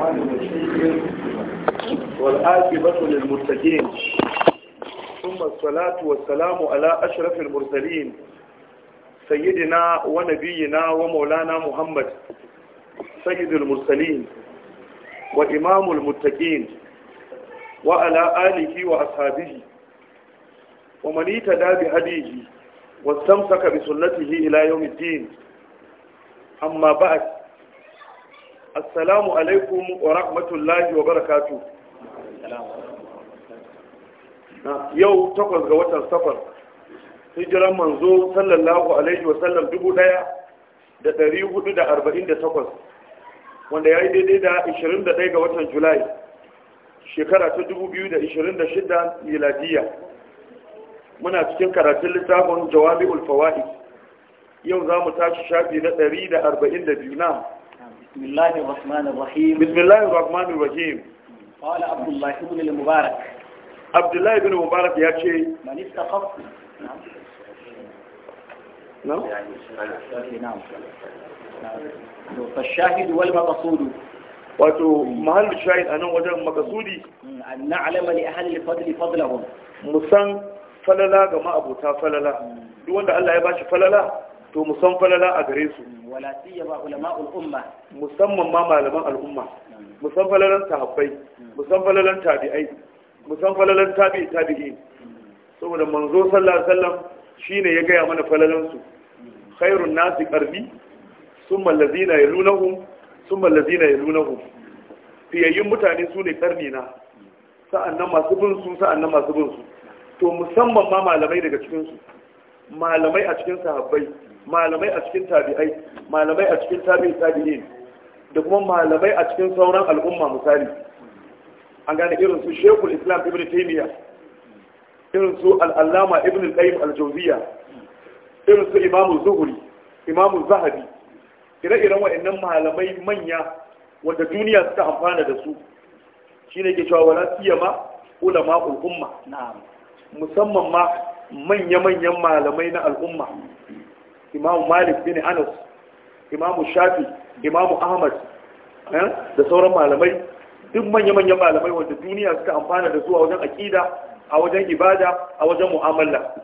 الرحمن الرحيم والآكبة للمتقين ثم الصلاة والسلام على أشرف المرسلين سيدنا ونبينا ومولانا محمد سيد المرسلين وإمام المتقين وعلى آله وأصحابه ومن اتدى بهديه واستمسك بسنته إلى يوم الدين أما بعد assalamu alaikum wa rahmatullahi wa barakatu yau takwas ga watan safar hijiran manzo sallallahu alaihi wa sallam dubu daya da dari hudu da arba'in da takwas wanda ya yi daidai da ishirin da ga watan julai shekara ta dubu biyu da ishirin da shida miladiya muna cikin karatun littafin jawabi ulfawa'i yau za mu tashi shafi na ɗari da arba'in da biyu na بسم الله الرحمن الرحيم بسم الله الرحمن الرحيم قال عبد الله بن المبارك عبد الله بن المبارك يا شيء من استخف نعم نعم نعم فالشاهد والمقصود wato mahallin shahid a nan wajen makasudi hmm, na alama ne ahalin fadli fadlahum musan falala ga ma'abota falala hmm. duk wanda Allah ya bashi falala to musan falala a gare su wala siyama ulama'ul al'umma. musamman ma malaman al'umma musamman falalan sahabbai musamman falalan tabi'ai musamman falalan tabi'i tabi'i saboda manzo sallallahu alaihi wasallam shine ya gaya mana falalan su khairun nasi qarbi summa allazina yalunahum summa allazina yalunahum fiyayyun mutane su ne karni na sa'annan masu bin su sa'annan masu bin su to musamman ma malamai daga cikin su malamai a cikin sahabbai malamai a cikin tabi'ai malamai a cikin tabi'i tabi'in da kuma malamai a cikin sauran al'umma misali an gane irin su shekul islam ibn taymiya irin su al'allama ibn al-qayyim al-jawziya irin su imamu zuhuri imamu zahabi ire-iren wa'annan malamai manya wanda duniya suka amfana da su shine ke cewa wala siyama ulama al-umma na'am musamman ma manya-manyan malamai na al'umma imamu malik bin anas imamu shafi imamu ahmad eh, da sauran malamai duk manya-manyan malamai wanda duniya suka amfana da zuwa wajen aƙida a wajen ibada a wajen mu'amala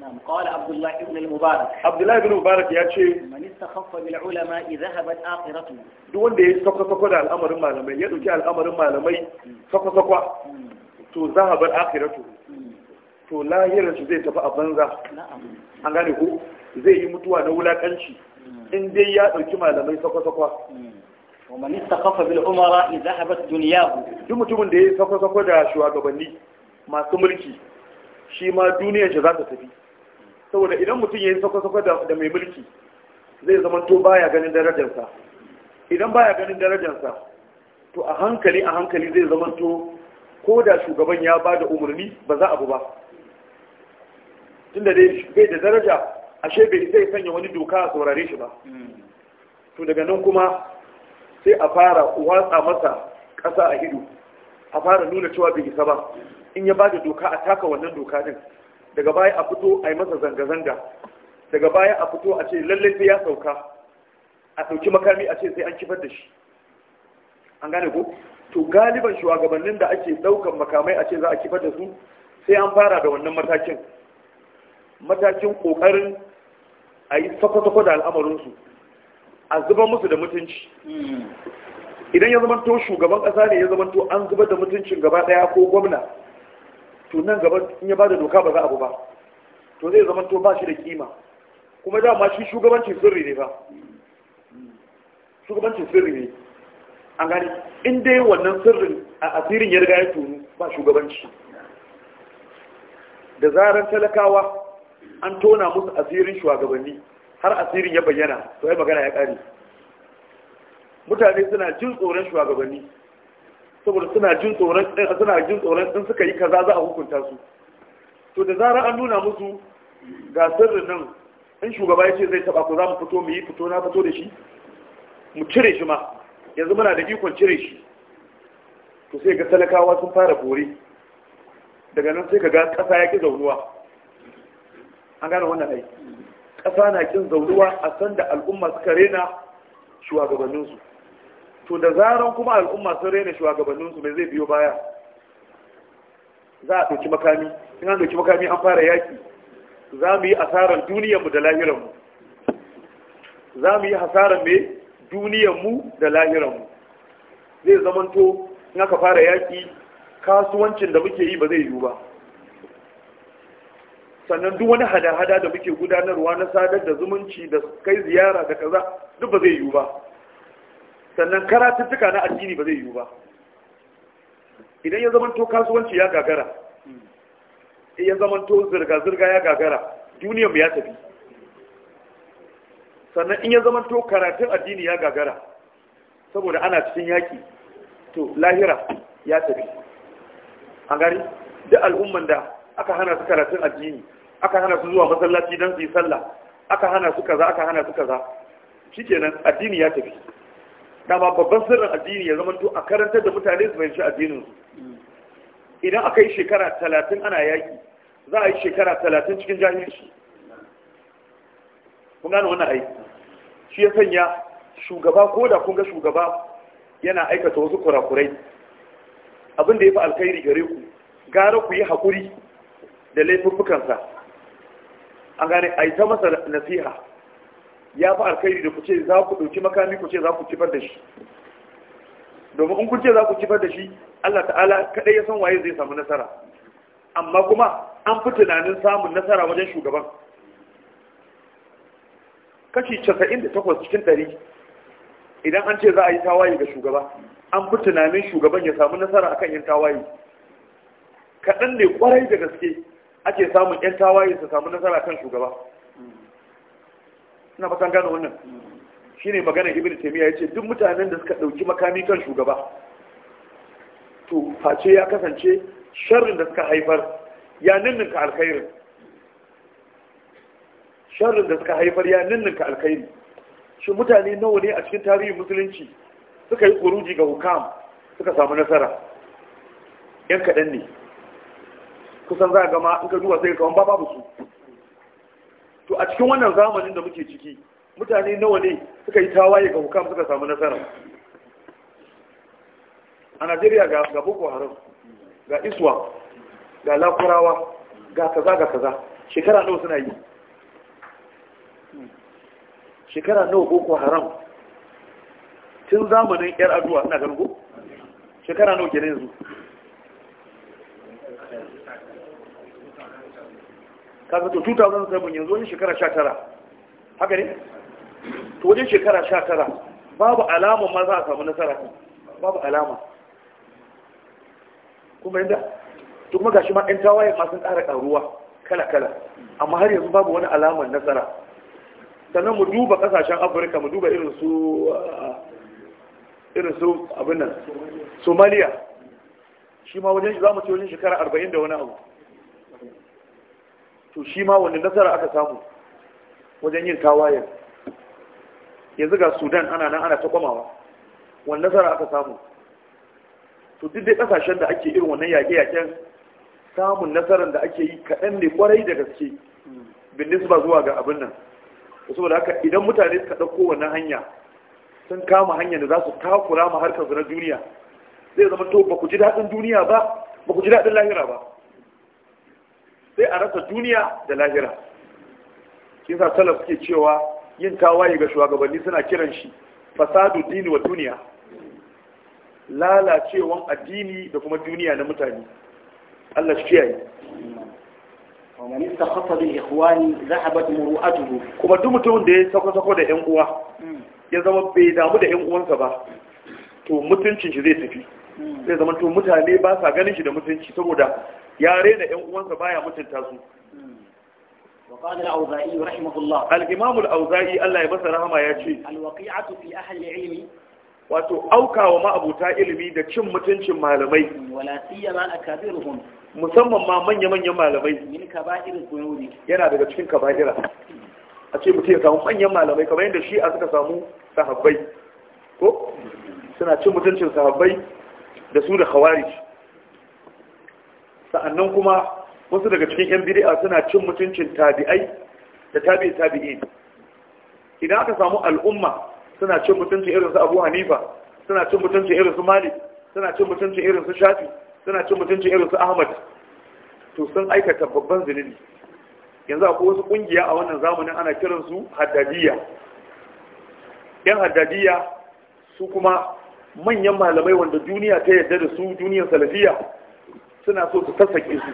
نعم قال عبد الله بن المبارك عبد الله بن المبارك يا شيء من استخف بالعلماء ذهبت سكو المعلمي to lahirarsu zai tafi a banza an gane ko zai yi mutuwa na wulakanci in dai ya ɗauki malamai sakwa-sakwa ومن استخف بالعمراء ذهبت دنياه duk mutumin da ya sako sako da shugabanni masu mulki shi ma duniyar shi za ta tafi saboda idan mutum ya yi sako sako da mai mulki zai zama to baya ganin darajarsa idan baya ganin darajarsa to a hankali a hankali zai zama to ko da shugaban ya bada umurni umarni ba za a bu ba tunda dai bai da daraja ashe bai zai sanya wani doka a saurare shi ba hmm. to daga nan kuma sai a fara watsa masa ƙasa a hidu, a fara nuna cewa bai isa ba in ya ba da doka a taka wannan doka din daga baya a fito a yi masa zanga-zanga daga baya a fito a ce lallai sai ya sauka a ɗauki makami a ce sai an kifar da shi an gane ko to galiban shugabannin da ake ɗaukan makamai a ce za a kifar da su sai an fara da wannan matakin matakin ƙoƙarin a yi sakwatakwa da al'amarinsu a zuba musu da mutunci idan ya to shugaban ƙasa ne ya to an zuba da mutuncin gaba daya ko gwamna to nan gaba in ya ba da doka ba za abu ba to zai to ba shi da kima kuma dama shi shugabancin sirri ne ba shugabancin sirri ne an gani in dai wannan sirrin a asirin ya riga ya tunu ba shugabanci da zarar talakawa an tona musu asirin shugabanni har asirin ya bayyana to ai magana ya kare mutane suna jin tsoron shugabanni saboda suna jin tsoron eh, suna jin tsoron in suka yi kaza za a hukunta su to da zarar an nuna musu ga sirrin nan in shugaba ya ce zai taba ku za mu fito mu yi fito na fito da shi mu cire shi ma yanzu muna da ikon cire shi to sai ga talakawa sun fara bore daga nan sai ka ga ƙasa ya ki zaunuwa an gane wannan ai ƙasa na kin zauruwa a san da al'umma suka rena shugabanninsu to da zaran kuma al'umma sun rena shugabanninsu mai zai biyo baya za a ɗauki makami in an ɗauki makami an fara yaƙi za mu yi asarar duniyarmu da lahiranmu za mu yi hasarar mai duniyarmu da lahiranmu zai zamanto in aka fara yaƙi kasuwancin da muke yi ba zai yiwu ba sannan duk wani hada-hada da muke gudanarwa na sadar da zumunci da kai ziyara da kaza duk ba zai yiwu ba sannan karatuttuka na addini ba zai yiwu ba idan ya zamanto kasuwanci ya gagara ya zamanto zirga-zirga ya gagara duniyar ya tafi sannan in ya zamanto karatun addini ya gagara saboda ana cikin yaƙi to lahira ya tafi an gari duk al'umman da aka hana su karatun addini aka hana su zuwa masallaci don su sallah aka hana su kaza aka hana su kaza nan addini ya tafi dama babban sirrin addini ya zamanto a karantar da mutane su fahimci addinin su idan aka yi shekara talatin ana yaƙi, za a yi shekara talatin cikin jahilci kun gane wannan aiki shi ya sanya shugaba ko da kun ga shugaba yana aikata wasu kurakurai abin da ya fi alkhairi gare ku gara ku yi haƙuri da laifuffukansa an gane a yi ta masa nasiha ya fi alkhairi da ku ce za ku ɗauki makami ku ce za ku kifar da shi domin in kun ce za ku kifar da shi Allah ta'ala kaɗai ya san waye zai samu nasara amma kuma an fi tunanin samun nasara wajen shugaban kashi casa'in da takwas cikin ɗari idan an ce za a yi tawaye ga shugaba an fi tunanin shugaban ya samu nasara akan yin tawaye kaɗan ne kwarai da gaske ake samun 'yan tawaye su samu nasara kan shugaba ina fatan gano wannan shine magana ibn ya yace duk mutanen da suka ɗauki makami kan shugaba to face ya kasance sharrin da suka haifar ya ninninka alkhairin sharrin da suka haifar ya ninninka alkhairi shi mutane nawa ne a cikin tarihin musulunci suka yi kuruji ga hukam suka samu nasara yan kaɗan ne kusan za a gama in ka duba sai ka ba babu su to a cikin wannan zamanin da muke ciki mutane nawa ne suka yi tawaye ga hukam suka samu nasara a najeriya ga boko haram ga iswa ga lakurawa ga kaza ga kaza shekara nawa suna yi shekara nawa boko haram tun zamanin yar aduwa suna gargo shekara nawa gina yanzu kaga to 2007 yanzu wani shekara 19 haka ne to wajen shekara 19 babu alama ma za a samu nasara babu alama kuma yadda to kuma gashi ma ɗan tawaye ma sun ƙara ƙaruwa kala-kala amma har yanzu babu wani alamar nasara sannan mu duba ƙasashen afirka mu duba irin su irin su abin nan somaliya shi ma wajen za mu ce wajen shekara 40 da wani abu to shi ma wani nasara aka samu wajen yin tawayen yanzu ga sudan ana nan ana ta kwamawa wani nasara aka samu to duk dai kasashen da ake irin wannan yaƙe-yaƙen samun nasarar da ake yi kaɗan ne kwarai da gaske bindis ba zuwa ga abin nan saboda haka idan mutane suka ɗauko wannan hanya sun kama hanyar da za su takura ma harkar na duniya zai zama to ba ku ji daɗin duniya ba ba ku ji daɗin lahira ba sai a rasa duniya da lahira shi sa salaf suke cewa yin tawaye ga shugabanni suna kiran shi fasadu dini wa duniya lalacewan addini da kuma duniya na mutane Allah shi kiyaye da ikhwani zahabat muru'atuhu kuma duk دو da ya sako-sako da 'yan uwa hmm. ya zama bai damu da 'yan uwansa ba to mutuncin shi zai tafi zai zama to mutane ba sa ganin shi da mutunci saboda yare da ƴan uwansa baya mutunta su وقال الأوزائي auzai Allah ya الأوزائي rahama ya ce. يأتي الوقيعة في أهل العلم wato aukawa abuta ilimi da cin mutuncin malamai wala siyama akabiruhum musamman ma manya-manyan malamai min kaba'ir dhunubi yana daga cikin kaba'ira a ce mutum ya samu manyan malamai kamar yadda shi a suka samu sahabbai ko suna cin mutuncin sahabbai da su da khawarij sa'annan kuma wasu daga cikin yan bid'a suna cin mutuncin tabi'ai da tabi'i tabi'i idan aka samu al'umma suna cin mutuncin irin su Abu Hanifa suna cin mutuncin irin su Malik suna cin mutuncin irin su Shafi suna cin mutuncin irin su Ahmad to sun aikata babban zunubi yanzu akwai wasu kungiya a wannan zamanin ana kiransu haddadiya yan haddadiya su kuma manyan malamai wanda duniya ta yarda da su duniyar salafiya suna so su sassake su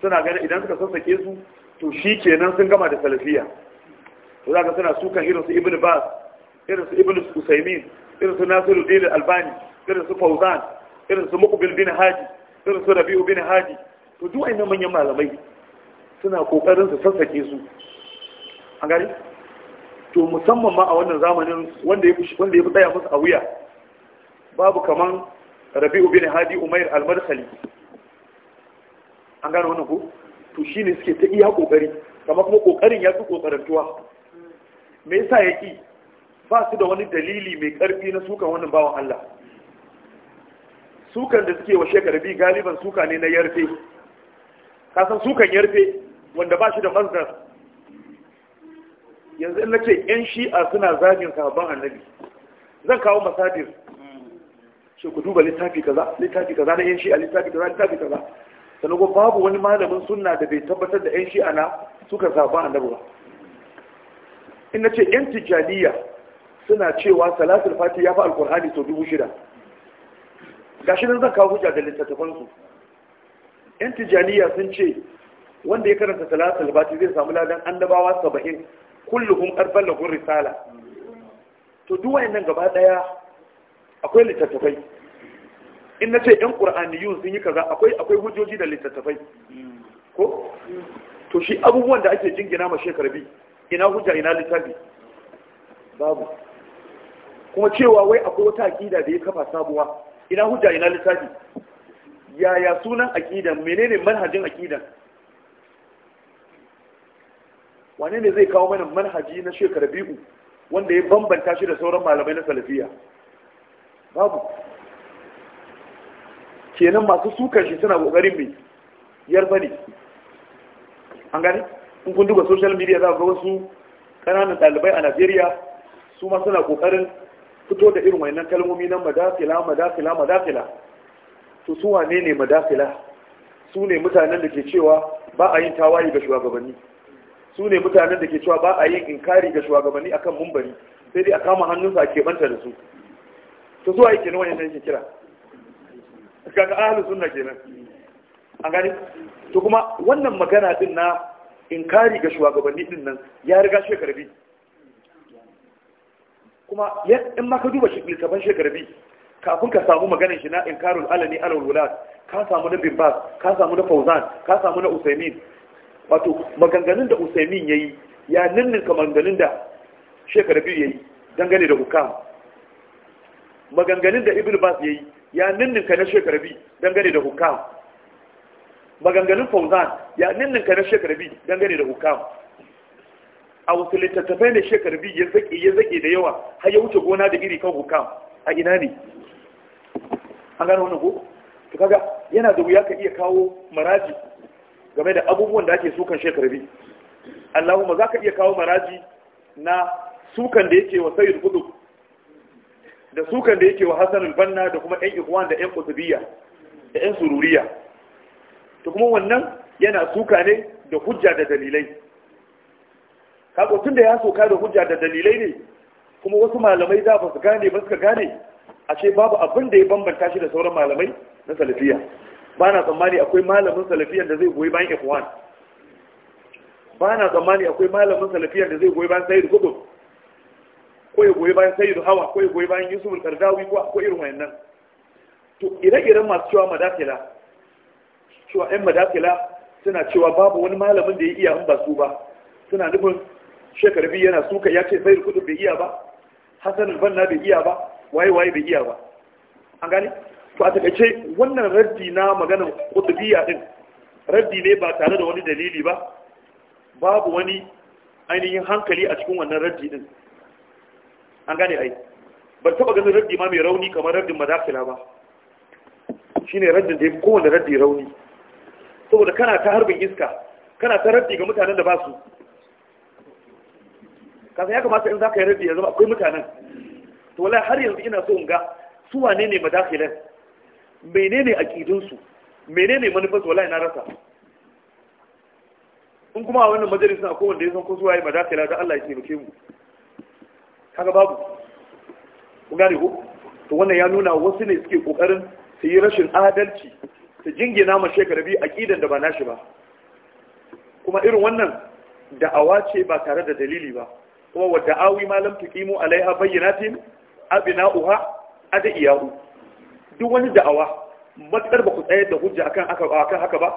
suna ganin idan suka sassake su to shi kenan sun gama da salafiya to za ka suna sukan irin su ibn bas irin su ibn usaimin irin su nasiru dalil albani irin su fauzan irin su muqbil bin haji irin su rabi'u bin haji to duk na manyan malamai suna kokarin su sassake su an gari to musamman ma a wannan zamanin wanda ya fi tsaya musu a wuya babu kaman rabi'u bin hadi umair al-madkhali an gano wannan ko to shine suke ta iya kokari kamar kuma kokarin ya fi tuwa me yasa yake ba su da wani dalili mai karfi na sukan wannan bawan Allah sukan da suke wa rabi galiban suka ne na yarfe kasan sukan yarfe wanda ba shi da manzar yanzu in nace ce 'yan shi'a suna zagin sahabban annabi zan kawo masadir ce ku duba littafi kaza littafi kaza na yan shi'a littafi kaza littafi kaza sannan ko babu wani malamin sunna da bai tabbatar da yan shi'a na suka saba annabi ba in nace yan tijaliya suna cewa salatul fati ya fi alqur'ani sau dubu shida gashi nan zan kawo hujja da littattafan su yan tijaliya sun ce wanda ya karanta salatul fati zai samu ladan annabawa saba'in kulluhum arba'un risala to duwayen nan gaba daya akwai littattafai in na ce yan ƙur'aniyun sun yi kaza akwai akwai hujjoji da littattafai ko to shi abubuwan da ake jingina ma bi ina hujja ina littafi babu kuma cewa wai akwai wata aƙida da ya kafa sabuwa ina hujja ina littafi yaya sunan aƙidan menene manhajin aƙidan wane ne zai kawo mana manhaji na shekar biyu wanda ya bambanta shi da sauran malamai na salafiya babu kenan masu sukar shi suna kokarin mai yarba ne an gani in kun duba social media za ga wasu kananan dalibai a Najeriya su ma suna kokarin fito da irin wannan kalmomi na madafila madafila madafila to su wane ne madafila su ne mutanen da ke cewa ba a yin tawaye ga shugabanni su ne mutanen da ke cewa ba a yin inkari ga shugabanni akan mumbari sai dai a kama hannunsa a keɓanta da su to zuwa yake na wannan yake kira kaga ahlus sunna kenan an gani to kuma wannan magana din na inkari ga shugabanni din nan ya riga karbi kuma in ma ka duba shi littafin shekarbi kafin ka samu maganin shi na inkarul alani alal wulad ka samu na bimbas ka samu na fauzan ka samu na usaimin wato maganganun da usaimin ya yi ya ninninka maganganun da shekara biyu ya yi dangane da hukam maganganun da ibn bas ya yi ya ninninka na don dangane da hukam maganganun fauzan ya ninninka na don dangane da hukam a wasu littattafai shekara bi ya zaƙe ya zaƙe da yawa har ya wuce gona da iri kan hukam a ina ne an gano wannan ko to kaga yana da wuya ka iya kawo maraji game da abubuwan da ake sukan shekarabi Allahumma za ka iya kawo maraji na sukan da yake wa sayyid qutb da sukan da yake wa Hassan banna da kuma ƴan Ikhwan da ƴan Qutubiyya da ƴan Sururiya to kuma wannan yana suka ne da hujja da dalilai tun tunda ya soka da hujja da dalilai ne kuma wasu malamai da ba su gane ba suka gane ashe babu abin da ya bambanta shi da sauran malamai na salafiya ba na tsammani akwai malamin salafiyan da zai goyi bayan Ikhwan ba na tsammani akwai malamin salafiyan da zai goyi bayan Sayyid Qutb ko ya goyi bayan sayyidu hawa ko ya goyi bayan yusuf al-kardawi ko ko irin wayannan to ire-iren masu cewa madakila cewa ɗan madakila suna cewa babu wani malamin da ya iya in ba su ba suna nufin shekarbi yana suka ya ce sayyidu kudu bai iya ba hasan banna bai iya ba waye waye bai iya ba an gane to a takaice wannan raddi na maganar kudubiya din raddi ne ba tare da wani dalili ba babu wani ainihin hankali a cikin wannan raddi din an gane ai ban taba ganin raddi ma mai rauni kamar raddin madafila ba shine raddin da ya kowane raddi rauni saboda kana ta harbin iska kana ta raddi ga mutanen da ba su kasa ya kamata in za ka yi raddi ya zama akwai mutanen to wala har yanzu ina so in ga su wane ne madakilan menene aƙidinsu menene manufarsu wala na rasa in kuma a wannan majalisa ko wanda ya san ko su yi madafila, don Allah ya taimake mu kaga babu kun gane ko to wannan ya nuna wasu ne suke kokarin su yi rashin adalci su jingina ma shekara biyu aqidan da ba nashi ba kuma irin wannan da'awa ce ba tare da dalili ba kuma wa da'awi ma lam tuqimu alaiha bayyinatin abina'uha adiyahu duk wani da'awa matsar ba ku tsayar da hujja akan akan haka ba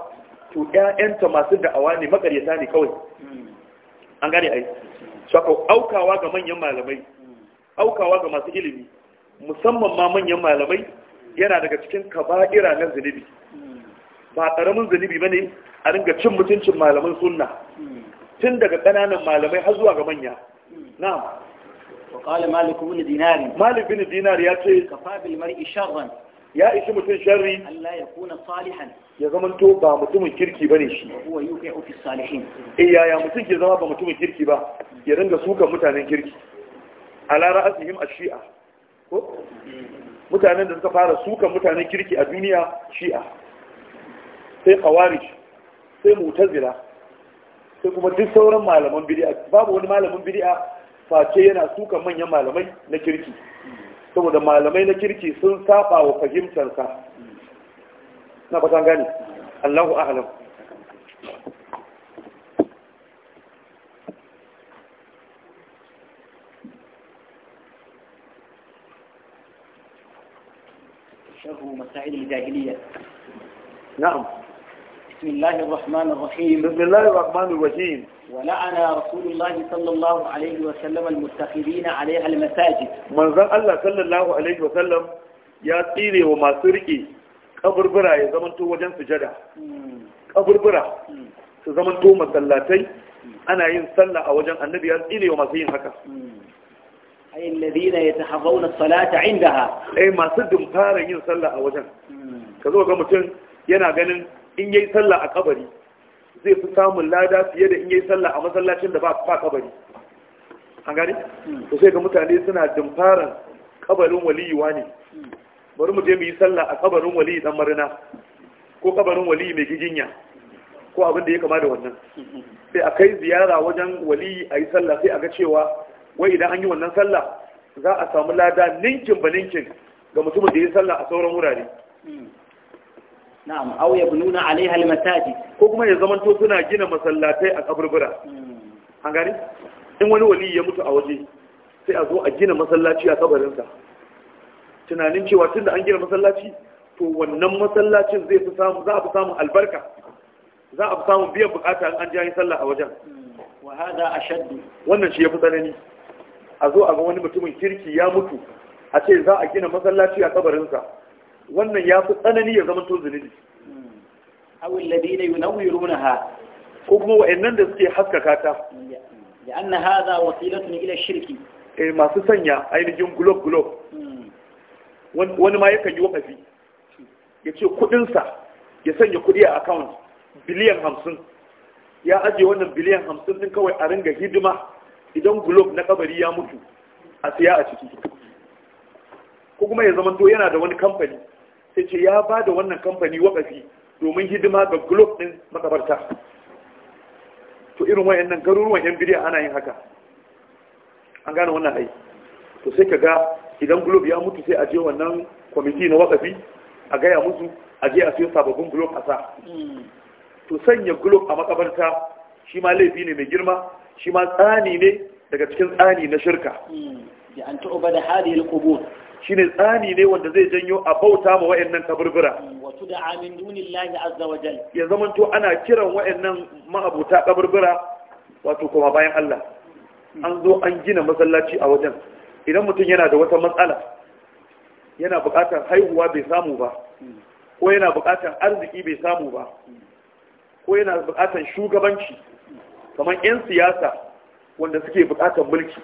to ƴaƴanta masu da'awa ne makaryata ne kawai an gane ai shaka aukawa ga manyan malamai aukawa ga masu ilimi musamman ma manyan malamai yana daga cikin kaba'ira na zunubi ba karamin zunubi ba ne a ringa cin mutuncin malaman sunna tun daga ƙananan malamai har zuwa ga manya na. وقال مالك بن دينار مالك بن دينار يا كفى بالمرء شرا ya ishi mutum sharri Allah ya kuna salihan ya zama to ba mutumin kirki bane shi huwa yuqi fi salihin eh ya mutum ke zama ba mutumin kirki ba ya ringa suka mutanen kirki ala ra'asihim ash-shi'a ko mutanen da suka fara suka mutanen kirki a duniya shi'a sai khawarij sai mu'tazila sai kuma duk sauran malaman bid'a babu wani malamin bid'a face yana suka manyan malamai na kirki saboda malamai na kirki sun saba wa fahimtarsa na fatan gani Allahu a'lam شر مسائل الجاهلية نعم بسم الله الرحمن الرحيم بسم الله الرحمن الرحيم ولعن رسول الله صلى الله عليه وسلم المتخذين عليها المساجد من ذا الله صلى الله عليه وسلم يا تيري وما سرقي kaburbura ya zamanto wajen sujada kaburbura su zamanto masallatai ana yin sallah a wajen annabi ya tsire masu yin haka ay alladhina yatahaffawna as-salata 'indaha ay masu dumfara yin sallah a wajen hmm. ka zo ga mutum yana ganin in yayi sallah a kabari zai fi samun lada fiye da in yayi sallah a masallacin da ba fa kabari an gani to sai ga mutane suna dimfaran kabarin waliyi wani bari mu je mu yi sallah a kabarin waliyi dan marina ko kabarin waliyi mai gijinya ko abin da ya kama da wannan sai a kai ziyara wajen waliyi a yi sallah sai a ga cewa wai idan an yi wannan sallah za a samu lada ninkin ba ninkin ga mutumin da ya sallah a sauran wurare na'am aw yabnuna alaiha almasajid ko kuma ya to suna gina masallatai a kaburbura hmm. an gani in wani wali ya mutu a waje sai a zo a gina masallaci a sa tunanin cewa tun da an gina masallaci to wannan masallacin zai fi samu za a fi samun albarka za a fi samun biyan bukata an an jayi sallah a wajen hmm. wa hada ashaddu wannan shi ya fi tsanani a zo a ga wani mutumin kirki ya mutu a ce za a gina masallaci a sa wannan ya fi tsanani ya zama tun zunubi awil ladina ha ko kuma wa'annan da suke haskaka ta ya anna hadha wasilatun ila shirki e masu sanya ainihin gulog gulog hmm. wani ma yakan yi wakafi ya ce kudinsa ya sanya kudi a account biliyan hamsin ya ajiye wannan biliyan hamsin din kawai a ringa hidima idan gulog na kabari ya mutu a siya a ciki ko kuma ya zama to yana da wani kamfani sai ce ya ba da wannan kamfani wakafi domin hidima ga globe ɗin makabarta to irin nan garuruwan yan bidiya ana yin haka an gane wannan ai to sai ka ga idan globe ya mutu sai a je wannan kwamiti na wakafi a gaya musu a je a siyo sababbin globe a sa to sanya globe a makabarta shi ma laifi ne mai girma shi ma tsani ne daga cikin tsani na shirka da hmm. an ta'uba da hadiyar kubur shine tsani ne wanda zai janyo a bauta ma wayannan kaburbura wato da amin dunillahi azza ya zaman to ana kiran wayannan ma'abuta kaburbura wato kuma bayan Allah an zo an gina masallaci a wajen idan mutum yana da wata matsala yana buƙatar haihuwa bai samu ba ko yana buƙatar arziki bai samu ba ko yana buƙatar shugabanci kamar 'yan siyasa wanda suke buƙatar mulki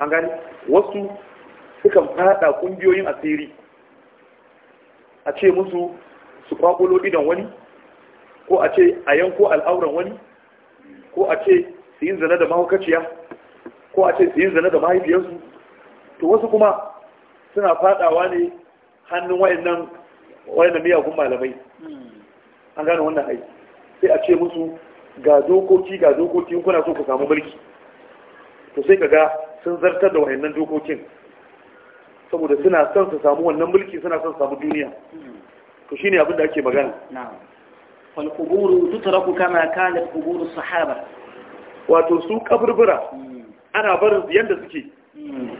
an gani wasu suka fada kungiyoyin asiri a ce musu su kwakulo idan wani ko a ce a yanko al'auran wani ko a ce su yi zane da mahaukaciya ko a ce su yi zane da mahaifiyarsu to wasu kuma suna fadawa ne hannun wayannan wayannan miyagun malamai an gane wannan ai sai a ce musu ga dokoki ga dokoki kuna so ku samu mulki to sai kaga sun zartar da wayannan dokokin saboda suna son su samu wannan mulki suna son su samu duniya to shine abin da ake magana wal quburu tutraku kama kanat quburu sahaba wato su kaburbura hmm. ana barin su yanda suke hmm.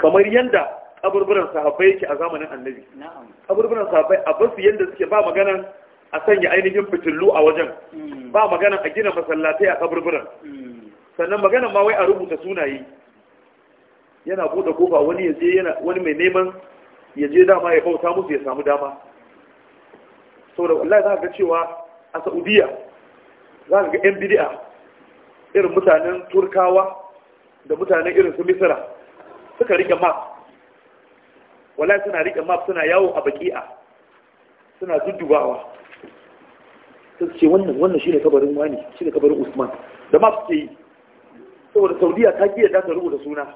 kamar yanda kaburburan sahabbai yake a zamanin annabi kaburburan sahabbai a basu yanda suke ba magana a sanya ainihin fitillu a wajen hmm. ba magana a gina masallatai a kaburburan sannan magana ma wai a rubuta sunaye yana buɗe kofa wani ya je yana wani mai neman ya je dama ya bauta musu ya samu dama saboda wallahi za ka ga cewa a Saudiya za ka ga yan bid'a irin mutanen Turkawa da mutanen irin su Misra suka rike map wallahi suna rike map suna yawo a baki'a suna duddubawa sai ce wannan wannan shine kabarin wani shine kabarin Usman da map suke yi saboda Saudiya ta kiyaye da ta rubuta suna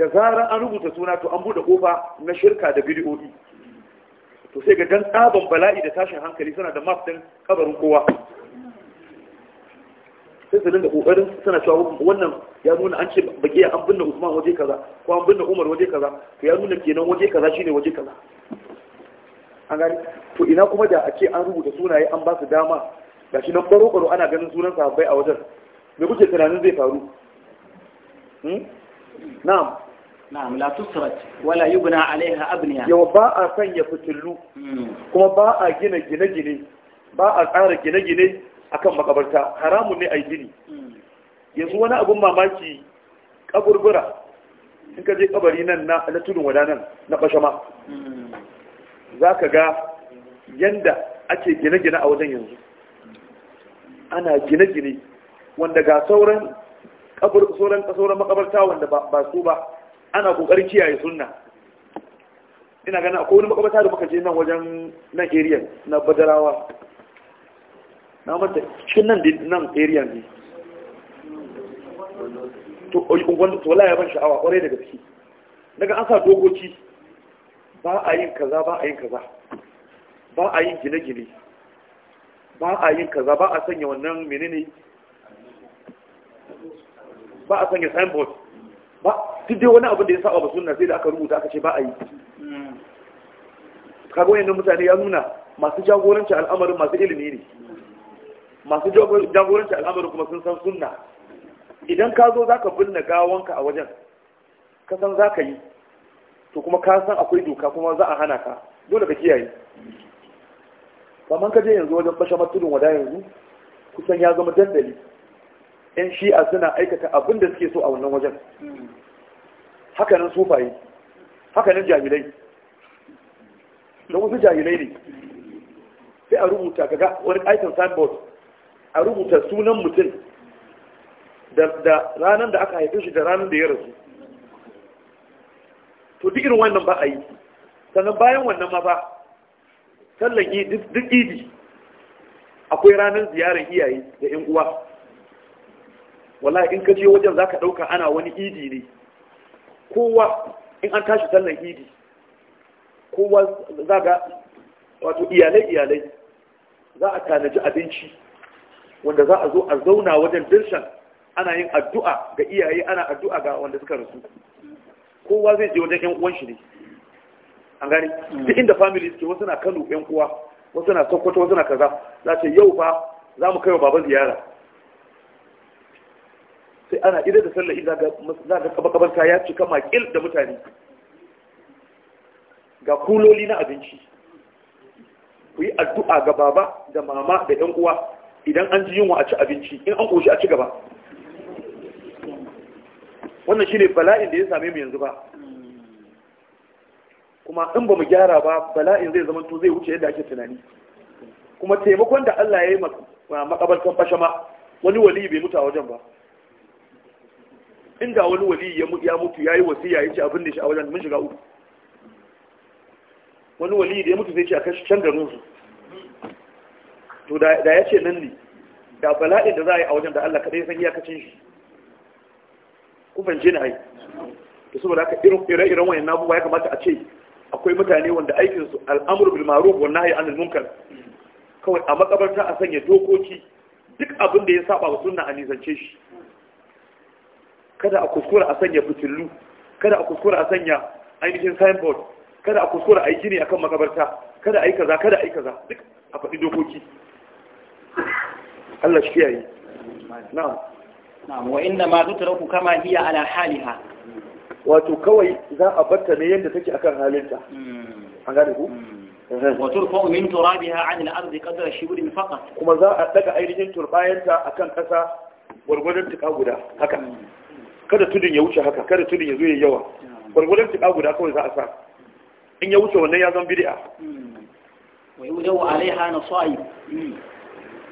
da zarar an rubuta suna to an buɗe kofa na shirka da bidiyoyi to sai ga dan tsaban bala'i da tashin hankali suna da map kabarin kowa sai su dinga kokarin suna cewa wannan ya nuna an ce bakiya an binne Usman waje kaza ko an binne Umar waje kaza to ya nuna kenan waje kaza shine waje kaza an gani to ina kuma da ake an rubuta sunaye an ba su dama gashi na baro baro ana ganin sunan sahabbai a wajen me kuke tunanin zai faru hmm? na'am na'am la tusrat wala yubna abniya ba a sanya fitilu hmm. kuma ba a gina gine-gine ba a tsara gine-gine akan makabarta haramun ne ai gini hmm. yanzu wani abun mamaki kaburbura in ka je kabari nan na na tudun wada nan na bashama hmm. za ka ga yanda ake gine-gine a wajen yanzu ana gine-gine wanda ga sauran sauran makabarta wanda ba su ba ana kokarin kiyaye sunna ina gana akwai wani makabata da muka je nan wajen nan area na badarawa na manta cikin nan din nan area ne to wanda to wala ya ban sha'awa kwarai da gaske daga an sa dokoki ba a yin kaza ba a yin kaza ba a yin gine-gine ba a yin kaza ba a sanya wannan menene ba a sanya signboard ba duk dai wani abin da ya saba ba sunna sai da aka rubuta aka ce ba a yi kaga wayannan mutane ya nuna masu jagoranci al'amarin masu ilimi ne masu jagoranci al'amarin kuma sun san sunna idan ka zo zaka binne gawanka a wajen ka san zaka yi to kuma ka san akwai doka kuma za a hana ka dole ka kiyaye kamar ka je yanzu wajen bashe matulun wada yanzu kusan ya zama dandali yan shi'a suna aikata abin da suke so a wannan wajen hakanan sufaye hakanan jahilai don wasu jahilai ne sai a rubuta kaga wani aikin signboard a rubuta sunan mutum da ranar da aka haifi shi da ranar da ya rasu to duk irin wannan ba a yi sannan bayan wannan ma ba sallan yi duk idi akwai ranar ziyarar iyaye da 'yan uwa wala in ka je wajen za ka ɗauka ana wani idi ne kowa in an tashi sallar idi kowa za ga wato iyalai iyalai za a tanaji abinci wanda za a zo a zauna wajen dirshan ana yin addu'a ga iyaye ana addu'a ga wanda suka rasu kowa zai je wajen yan uwan shi ne an gani hmm. duk inda family suke wasu na Kano yan uwa wasu na Sokoto wasu na kaza za ce yau fa za mu kai wa baban ziyara ana idan da sallar iza za ga kabakabarta ya cika makil da mutane ga kuloli na abinci ku yi addu'a ga baba da mama da ‘yan uwa idan an ji yunwa a ci abinci in an koshi a ci gaba wannan shi bala'in da ya same mu yanzu ba kuma in ba mu gyara ba bala'in zai zama to zai wuce yadda ake tunani kuma taimakon da Allah ya yi makabartan fashama wani wali bai mutu wajen ba inda wani wali ya mutu ya yi wasiya ya ce abin da shi a wajen mun shiga uku wani wali da ya mutu zai ce a kashi can garinsu to da ya ce nan ne da bala'in da za a yi a wajen da Allah kadai san iyakacin shi ku fahimce ni ai to saboda haka ire-iren wayan nabuwa ya kamata a ce akwai mutane wanda aikin su al'amru bil ma'ruf wa nahyi anil munkar kawai a makabarta a sanya dokoki duk abin da ya saba wa sunna a nisance shi kada a kuskura a sanya fitillu kada a kuskura a sanya ainihin signboard kada a kuskura a yi gini akan makabarta kada a yi kaza kada a yi kaza duk a faɗi dokoki Allah shi kiyaye na'am na'am wa inna ma tutraku kama hiya ala haliha wato kawai za a batta ne yadda take akan halinta hmm. an gane ku وترفع من ترابها عن الأرض قدر Kuma za a ذا ainihin turbayanta تربايتها أكان قصى ورغدن تقاودا هكذا kada tudun ya wuce haka kada tudun ya zo ya yawa gwargwadon tiɓa guda kawai za a sa in ya wuce wannan ya zan bid'a wa alaiha na sa'i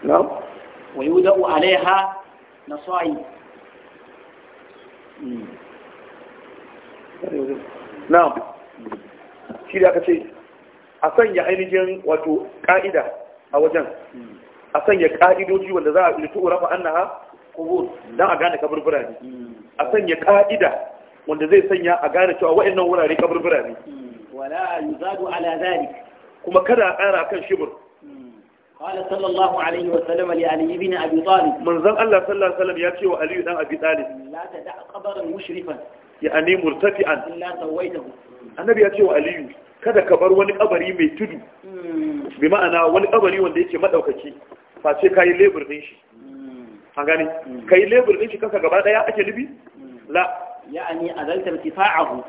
na wa alaiha na shi da aka ce a sanya ainihin wato ka'ida a wajen a sanya ka'idoji wanda za a litu rafa annaha don a gane kaburbura ne a hmm. sanya ka'ida wanda zai sanya a gane cewa wa'annan wurare kaburbura ne hmm. wala yuzadu ala zalik kuma kada a ƙara kan hmm. wa sallam صلى Ali Ibn وسلم لعلي بن أبي طالب من ذن الله صلى الله عليه وسلم يأتي وعلي بن أبي طالب لا تدع قبرا مشرفا يعني مرتفعا إلا ya ce wa وعلي kada ka bar wani kabari mai tudu bi ma'ana wani kabari wanda yake madaukaki face kayi lebur din shi an gane mm. kai lebur din shi kanka gaba daya ake nufi mm. la ya'ani azalta irtifa'ahu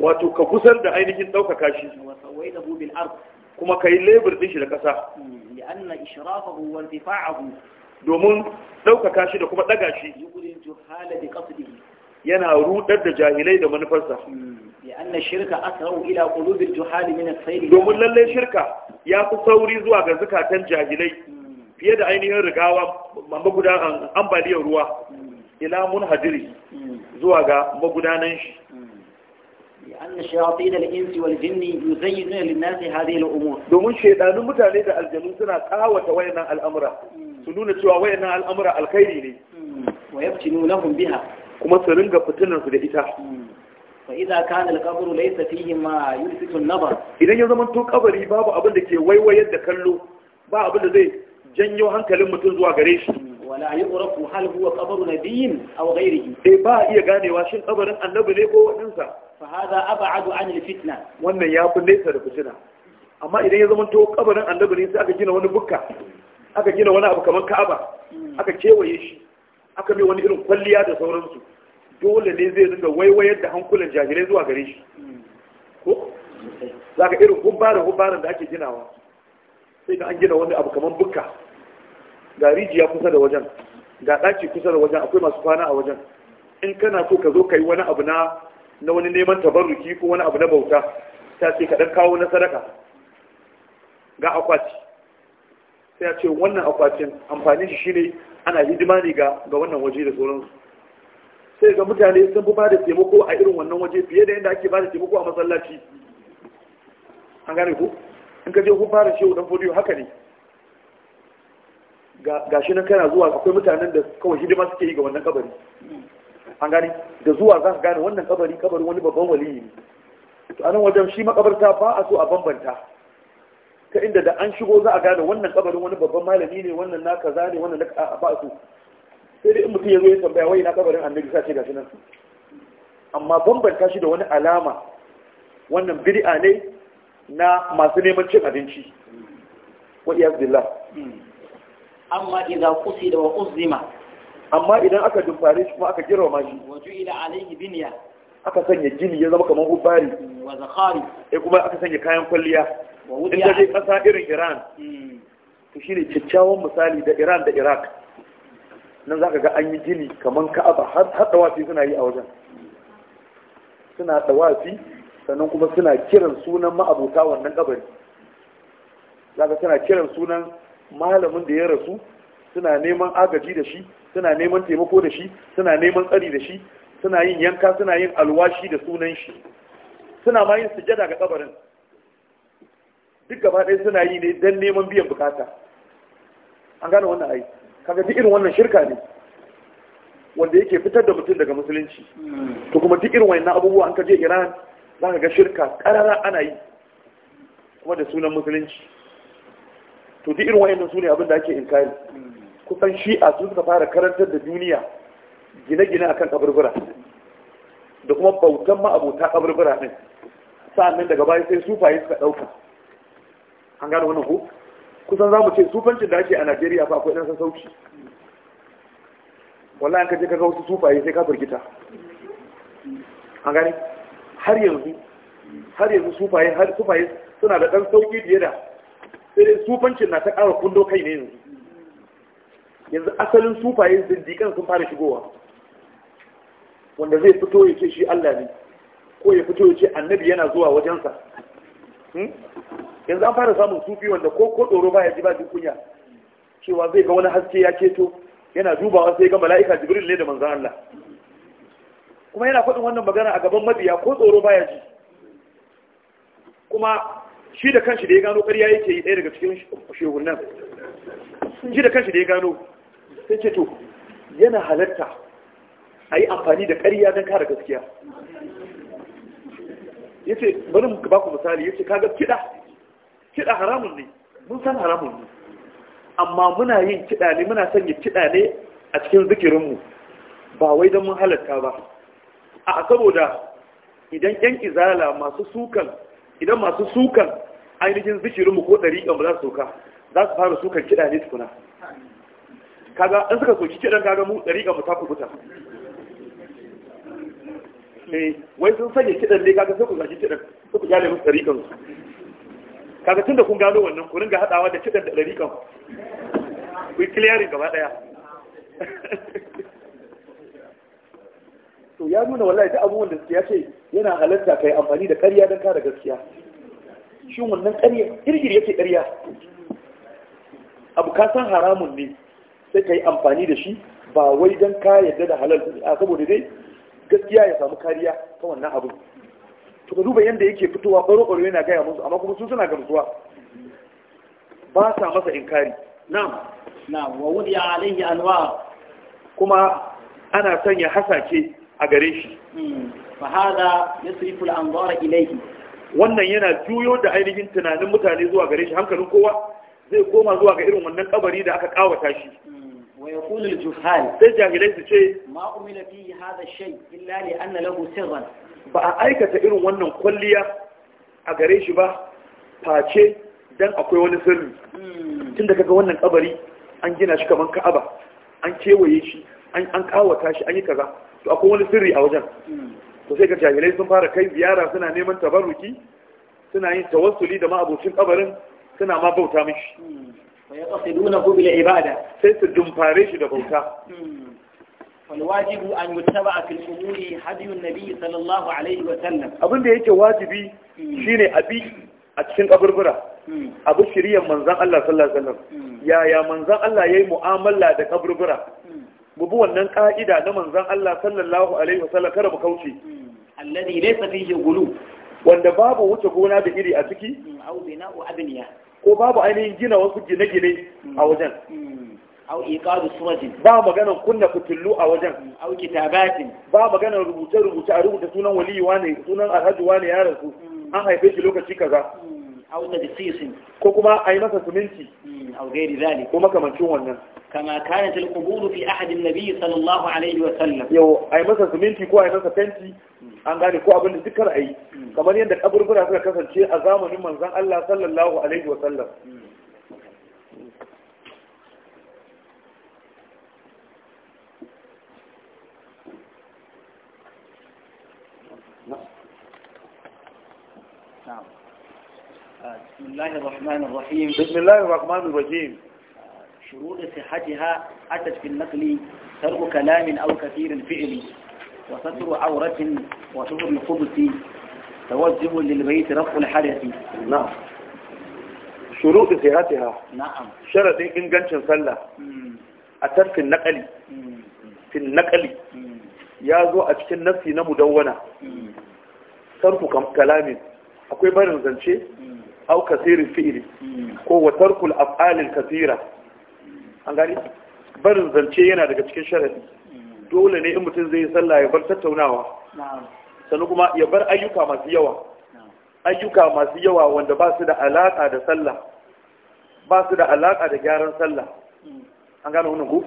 wato ka kusar da ainihin daukaka shi wa sawaidahu bil ard kuma kai lebur din shi da kasa mm. li ishrafahu wa irtifa'ahu domin daukaka shi da kuma daga shi juhala bi qasdihi yana rudar da jahilai da manufarsa domin lalle shirka ya fi sauri zuwa ga zakatan jahilai fiye da ainihin rigawa magudanan ambaliyar ruwa ila mun hadiri zuwa ga magudanan shi لأن الشياطين الإنس والجن يزينون للناس هذه الأمور domin shedanun mutane da aljanu suna ƙawata wayannan al'amura su nuna cewa wayannan al'amura alkhairi ne hmm. wa yaftinunahum biha kuma su ringa fitinar su da ita fa hmm. idza kana al-qabru laysa fihi ma yulfitu an-nazar idan ya zama to kabari babu abin da ke waiwayar da kallo ba abin da zai janyo hankalin mutum zuwa gare shi wala yu'rafu hal huwa qabru nabiyyin aw ghayrihi eh ba iya ganewa shin kabarin annabi ne ko wadinsa fa hada ab'adu an al-fitna wannan ya fi nesa da fitina amma idan ya zama to kabarin annabi ne sai aka gina wani bukka aka gina wani abu kamar ka'aba hmm. aka kewaye shi aka mai wani irin kwalliya da sauransu dole ne zai dinga waiwayar da hankulan jahilai zuwa gare shi hmm. ko za ka irin hubbarin hubbarin da ake ginawa sai da an gina wani abu kamar bukka ga rijiya kusa da wajen ga ɗaki kusa da wajen akwai masu kwana a wajen in kana so ka zo ka yi wani abu na wani neman tabarruki ko wani abu na bauta ta ce ka ɗan kawo na sadaka ga akwati sai a ce wannan akwatin amfani shi shine ana hidima ne ga ga wannan waje da sauransu sai ga mutane sun fi bada taimako a irin wannan waje fiye da yadda ake bada taimako a masallaci an gane ku in ka je ku fara shehu dan fodiyo haka ne ga shi nan kana zuwa akwai mutanen da kawai hidima suke yi ga wannan kabari an gani da zuwa za ka gane wannan kabari kabari wani babban waliyi ne to anan wajen shi makabarta ba a so a bambanta ta inda da an shigo za a gane wannan kabarin wani babban malami ne wannan na kaza ne wannan ba a so sai dai in mutum ya zo ya tambaya wai na kabarin annabi sace shi nan amma bambanta shi da wani alama wannan bid'a ne na masu neman cin abinci wa iyaz billah hmm. amma idan idza da wa uzima amma idan aka dumfare shi kuma aka girma shi ila alayhi binya aka sanya gini ya zama kamar ubari wa zakari eh kuma aka sanya kayan kwalliya in da dai kasa irin Iran hmm. to shine kyakkyawan misali da Iran da Iraq nan zaka ga an yi gini kamar Ka'aba har dawafi suna yi a wajen suna dawafi sannan kuma suna kiran sunan ma'abuta wannan kabari zaka suna kiran sunan malamin da ya rasu suna neman agaji da shi suna neman taimako da shi suna neman tsari da shi suna yin yanka suna yin alwashi da sunan shi suna ma yin sujada ga kabarin duk gaba ɗaya suna yi ne don neman biyan bukata an gane wannan ai kaga duk irin wannan shirka ne wanda yake fitar da mutum daga musulunci to kuma duk irin wannan abubuwa an ka je iran za ka ga shirka ƙarara ana yi kuma da sunan musulunci to duk irin wayannan sune abin da ake inkari kusan shi'a su suka fara karantar da duniya gine-gine akan kaburbura da kuma bautan ma'abota kaburbura din sa'annan daga baya sai sufaye suka dauka an gano wannan ko kusan za mu ce sufancin da ake a najeriya fa akwai ɗan sauki. wallahi an kaje ga wasu sufaye sai ka firgita an gane har yanzu har yanzu sufaye har sufaye suna da ɗan sauki biye da sai sufancin na ta ƙara kundo kai ne yanzu yanzu asalin sufaye zindikan sun fara shigowa wanda zai fito ya ce shi Allah ne ko ya fito ya ce annabi yana zuwa wajensa hmm? yanzu an fara samun sufi wanda ko ko tsoro ya ji ba jin kunya cewa zai ga wani haske ya ceto yana dubawa sai ga mala'ika jibril ne da manzon Allah kuma yana faɗin wannan magana a gaban mabiya ko tsoro baya ji kuma shi da kanshi da ya gano ƙarya yake yi ɗaya daga cikin shugunan shi da kanshi da ya gano sun ce to yana halatta a yi amfani da ƙarya don kare gaskiya ya ce bari muka baku misali ya ce kaga kiɗa kiɗa haramun ne mun san haramun ne amma muna yin kiɗa ne muna sanya kiɗa ne a cikin zikirinmu ba wai don mun halatta ba a saboda idan yan izala masu sukan idan masu sukan ainihin zikirinmu ko ɗan ba za su soka za su fara sukan kiɗa ne tukuna kaga an suka soki kiɗan kaga mu ɗariƙan mu ta kubuta eh, wai sun sanya kiɗan ne kaga sai ku zaki kiɗan sai ku gyale musu ɗari su kaga tunda kun gano wannan ku ringa haɗawa da kiɗan da ɗan ku yi kiliyarin gaba ɗaya to ya nuna wallahi ta abubuwan da suke ya ce yana halatta ka yi amfani da ƙarya don kare gaskiya shi wannan ƙarya girgir yake ƙarya abu kasan haramun ne sai ka yi amfani da shi ba wai don ka yarda da halal a saboda dai gaskiya ya samu kariya ta wannan abu to ka duba yadda yake fitowa ɓaro-ɓaro yana gaya musu amma kuma sun suna gamsuwa ba sa masa inkari na'am na'am wa wudi alayhi anwa kuma ana sanya hasake a gare shi hmm. fa hada yasrifu al ilayhi wannan yana juyo da ainihin tunanin mutane zuwa gare shi hankalin kowa zai koma zuwa ga irin wannan kabari da aka kawata shi hmm, wa yaqulu al-juhal sai jahilai su ce ma umila fi hadha shay illa li anna lahu sirran ba a aikata irin wannan kwalliya a gare shi ba face dan akwai wani sirri hmm. tunda kaga wannan kabari an gina shi kaman Ka'aba an kewaye shi an kawata shi an yi kaza to akwai wani sirri a wajen hmm. to sai ga jahilai sun fara kai ziyara suna neman tabaruki suna yin tawassuli da ma'abocin kabarin suna ma bauta mishi hmm. sai su dumfare shi da bauta Falwajibu hmm. an yutaba a filfumuri hadiyun Nabi sallallahu Alaihi wasallam. Abin da yake wajibi hmm. shine abi a cikin kaburbura, abu shiriyar manzan Allah sallallahu Yaya manzan Allah ya yi mu'amala da kaburbura, bubu wannan ka'ida na manzan Allah sallallahu Alaihi wasallam kara bu kauce. alladhi laysa fihi gulu wanda babu wuce gona da iri a ciki mm, au bina'u abniya ko babu ainihin gina wasu gine-gine mm, a wajen mm, au iqadu surajin ba magana kunna fitullu a wajen au kitabatin ba magana rubuce rubuce a rubuta sunan waliyi wane sunan alhaji wane ya rasu an haife shi lokaci kaza au tadsisin ko kuma a yi masa suminti au gairi zalik ko makamancin wannan kama kanat al-qubur fi ahad an-nabi sallallahu alaihi wa sallam yau a yi masa suminti ko a yi masa fenti an gane ko abin da duk kar kamar yadda kaburbura suka kasance a zamanin manzon Allah sallallahu alaihi wa sallam بسم الله الرحمن الرحيم شروط صحتها أتت في النقل ترك كلام او كثير فعلي وستر عورة وستر الخبث توجه للبيت رفع الحدث نعم شروط صحتها نعم شرط ingancin sallah a tarfin naqali ya zo a cikin nafsi na mudawwana tarku kalamin akwai barin zance au kasirin fi'ili ko wa tarkul af'alin an gani barin zance yana daga cikin sharadi dole ne in mutum zai yi sallah ya bar tattaunawa sannan kuma ya bar ayyuka masu yawa ayyuka masu yawa wanda ba su da alaƙa da sallah ba su da alaƙa da gyaran sallah mm. an gano wani ku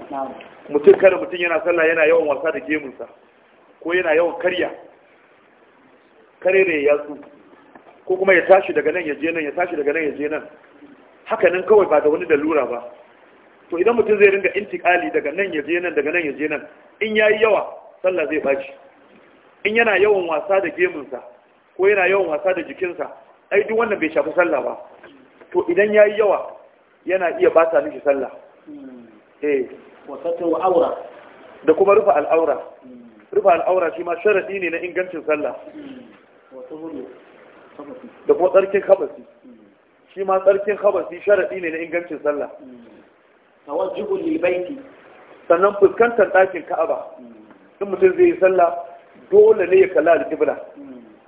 mutum kada mutum yana sallah yana yawan wasa da gemunsa ko yana yawan karya karere ya su ko kuma ya tashi daga nan ya je nan ya tashi daga nan ya je nan haka nan kawai ba da wani dalura ba to idan mutum zai ringa intikali daga nan ya je nan daga nan ya je nan in yayi yawa sallah zai baci in yana yawan wasa da gemunsa ko yana yawan wasa da jikinsa ai duk wannan bai shafi sallah ba to idan yayi yawa yana iya bata miki sallah hmm. eh wasatu aura da kuma rufa al'aura hmm. rufa al'aura shi ma sharadi ne na ingancin sallah hmm. da kuma tsarkin kabasi shi ma tsarkin kabasi sharadi ne na ingancin sallah tawajjubul lil baiti sannan fuskantar ɗakin ka'aba in mutum zai yi sallah dole ne ya kalla alkibla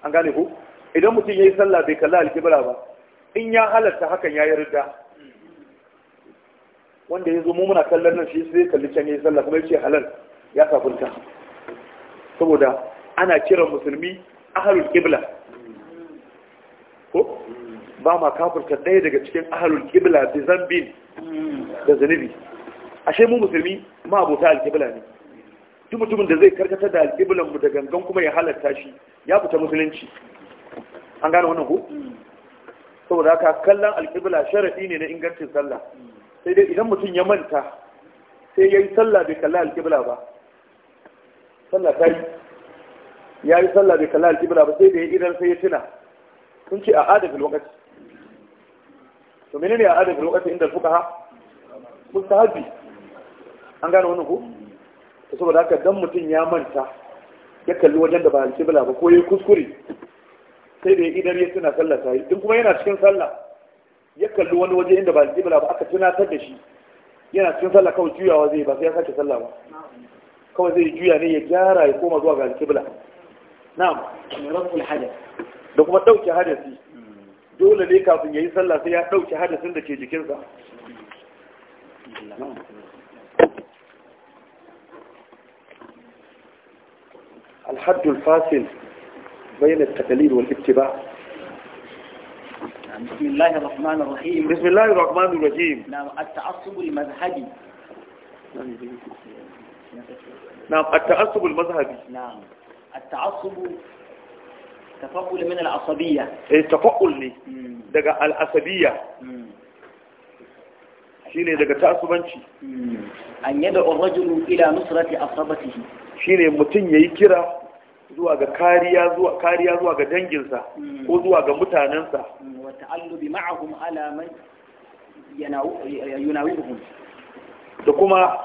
an gane ko idan mutum ya yi sallah bai kalla alkibla ba in ya halatta hakan ya yi rida wanda ya zo mu muna kallon nan shi sai kalli can ya yi sallah kuma ya ce halal ya sabunta saboda ana kiran musulmi ahlul kibla ko ba ma kafirta ɗaya daga cikin ahalul kibla da zambin da zunubi ashe mu musulmi ma abota alkibla ne duk mutumin da zai karkatar da alkiblan mu da gangan kuma ya halatta shi ya fita musulunci an gane wannan ko saboda haka kallon alkibla sharaɗi ne na ingancin sallah sai dai idan mutum ya manta sai ya yi sallah bai kalla alkibla ba sallah ta yi ya yi sallah bai kalla alkibla ba sai da ya idan sai ya tuna sun ce a adadin lokaci to menene a adadin lokacin inda fuqaha mustahabi an gane wannan ko to saboda haka dan mutum ya manta ya kalli wajen da ba bala ba ko yayi kuskure sai da idan ya tuna sallah sai din kuma yana cikin sallah ya kalli wani waje inda ba bala ba aka tunatar da shi yana cikin sallah kawai juyawa zai ba sai ya sake sallah ba kawai zai juya ne ya gyara ya koma zuwa ga alƙibla na'am raful hadath da kuma dauke hadasi dole ne kafin ya sallah sai ya ɗauki hadisin da ke jikin jikinsa الحد الفاصل بين التقليد والاتباع بسم الله الرحمن الرحيم بسم الله الرحمن الرحيم نعم التعصب المذهبي نعم التعصب المذهبي نعم التعصب tafa'ul من العصبية eh, ne hmm. daga al-asabiyya hmm. shine daga tasubanci hmm. an نصرة ar شيني ila nusrati yayi kira zuwa ga kariya zuwa kariya zuwa ga danginsa ko zuwa ga mutanansa wa da kuma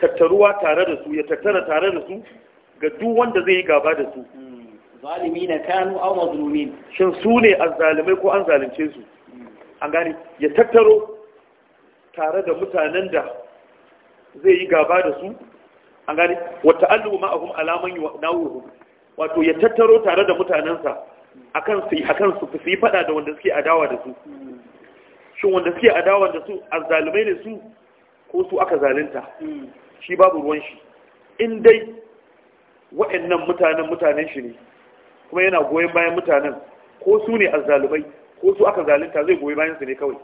tattaruwa tare da su ya tattara tare da su ga duk wanda zai yi gaba da su zalimina kanu aw mazlumin shin su ne azzalimai ko an zalunce su an gane ya tattaro tare da mutanen da zai yi gaba da su an gane wa ta'allu ma'ahum alaman nawuhu wato ya tattaro tare da mutanensa akan su akan su fi fada da wanda suke adawa da su shin wanda suke adawa da su azzalimai ne su ko su aka zalunta hmm. shi babu ruwan shi in dai wa'annan mutanen mutanen shi ne kuma yana goyon bayan mutanen ko su ne azzalumai ko su aka zalunta zai goyi bayan su ne kawai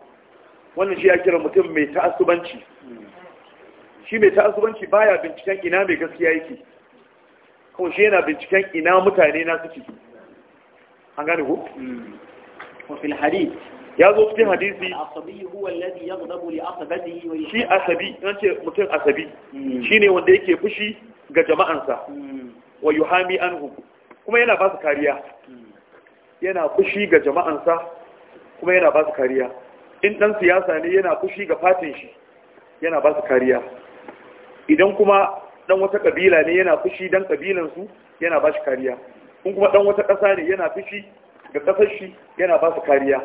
wannan shi ya kira mutum mai ta'assubanci shi mai ta'assubanci baya binciken ina mai gaskiya yake kawai shi yana binciken ina mutane na suke an gane ko fil hadith ya zo cikin hadisi shi asabi nan ce mutum asabi hmm. shi ne wanda yake fushi ga jama'ansa hmm. wa yuhami anhu kuma yana ba su kariya yana kushi ga jama'ansa kuma yana ba su kariya in ɗan siyasa ne yana kushi ga fatin shi yana ba su kariya idan kuma ɗan wata ƙabila ne yana kushi don ƙabilansu yana ba shi kariya in kuma ɗan wata ƙasa ne yana fushi ga ƙasar shi yana ba su kariya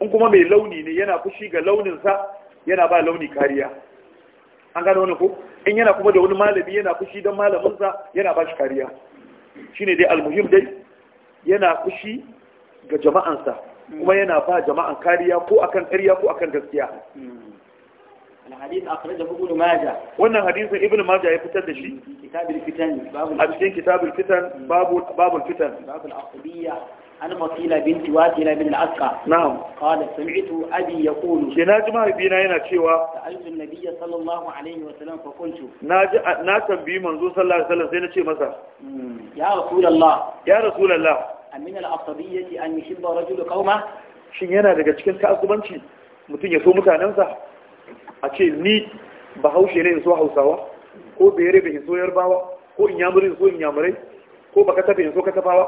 in kuma mai launi ne yana kushi ga launinsa yana ba launi kariya an gano wani ko in yana kuma da wani malami yana fushi don malaminsa yana ba shi kariya shine dai almuhim dai yana fushi ga jama'ansa kuma yana ba jama'an kariya ko akan kariya ko akan gaskiya wannan hadisin ibn majah ya fitar da shi a cikin kitabul fitan hmm. babul fitan babul عن فصيلة بنت واسلة بن العسقى نعم قال سمعت أبي يقول كنا جماعة بينا هنا شوى سألت النبي صلى الله عليه وسلم فقلت ناجع ناسا بي منظور صلى الله عليه وسلم زينا شيء مثلا يا رسول الله يا رسول الله أمن العصبية أن يحب رجل قومه shin yana daga cikin ta'assubanci mutum ya so mutanensa a ce ni ba haushe ne in so hausawa ko bere bai so yarbawa ko in yamurin so in yamurai ko baka tafe in so katafawa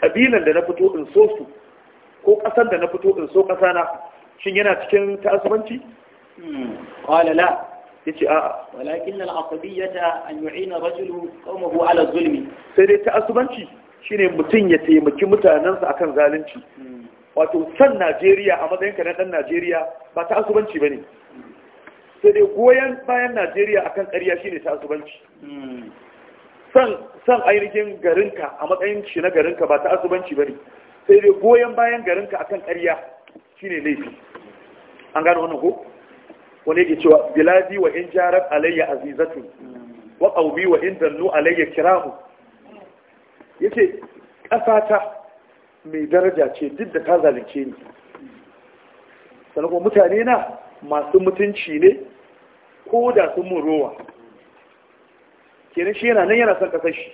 ƙabilan da na fito in so su ko ƙasar da na fito in so ƙasa na shin yana cikin ta'asubanci? ƙwala hmm. la ya ce a'a walakin al'asabiyyata an yu'ina rajulu qaumahu ala zulmi sai dai ta'asubanci shine mutum ya taimaki mutanensa akan zalunci hmm. wato san Najeriya a matsayin ka na dan Najeriya ba ta'asubanci bane sai dai goyon bayan Najeriya akan ƙarya shine ta'asubanci hmm. san ainihin garinka a matsayin shi na garinka ba ta asubanci ba ne sai dai goyon bayan garinka kan ƙarya shine laifi an gano wannan ko wani yake cewa biladi wa in jarab alayya azizatu wa qaumi wa in dannu alayya kiramu yace kasata mai daraja ce duk da ta zalunce ni sannan kuma mutane na masu mutunci ne ko da sun murowa? kenan shi yana nan yana son kasar shi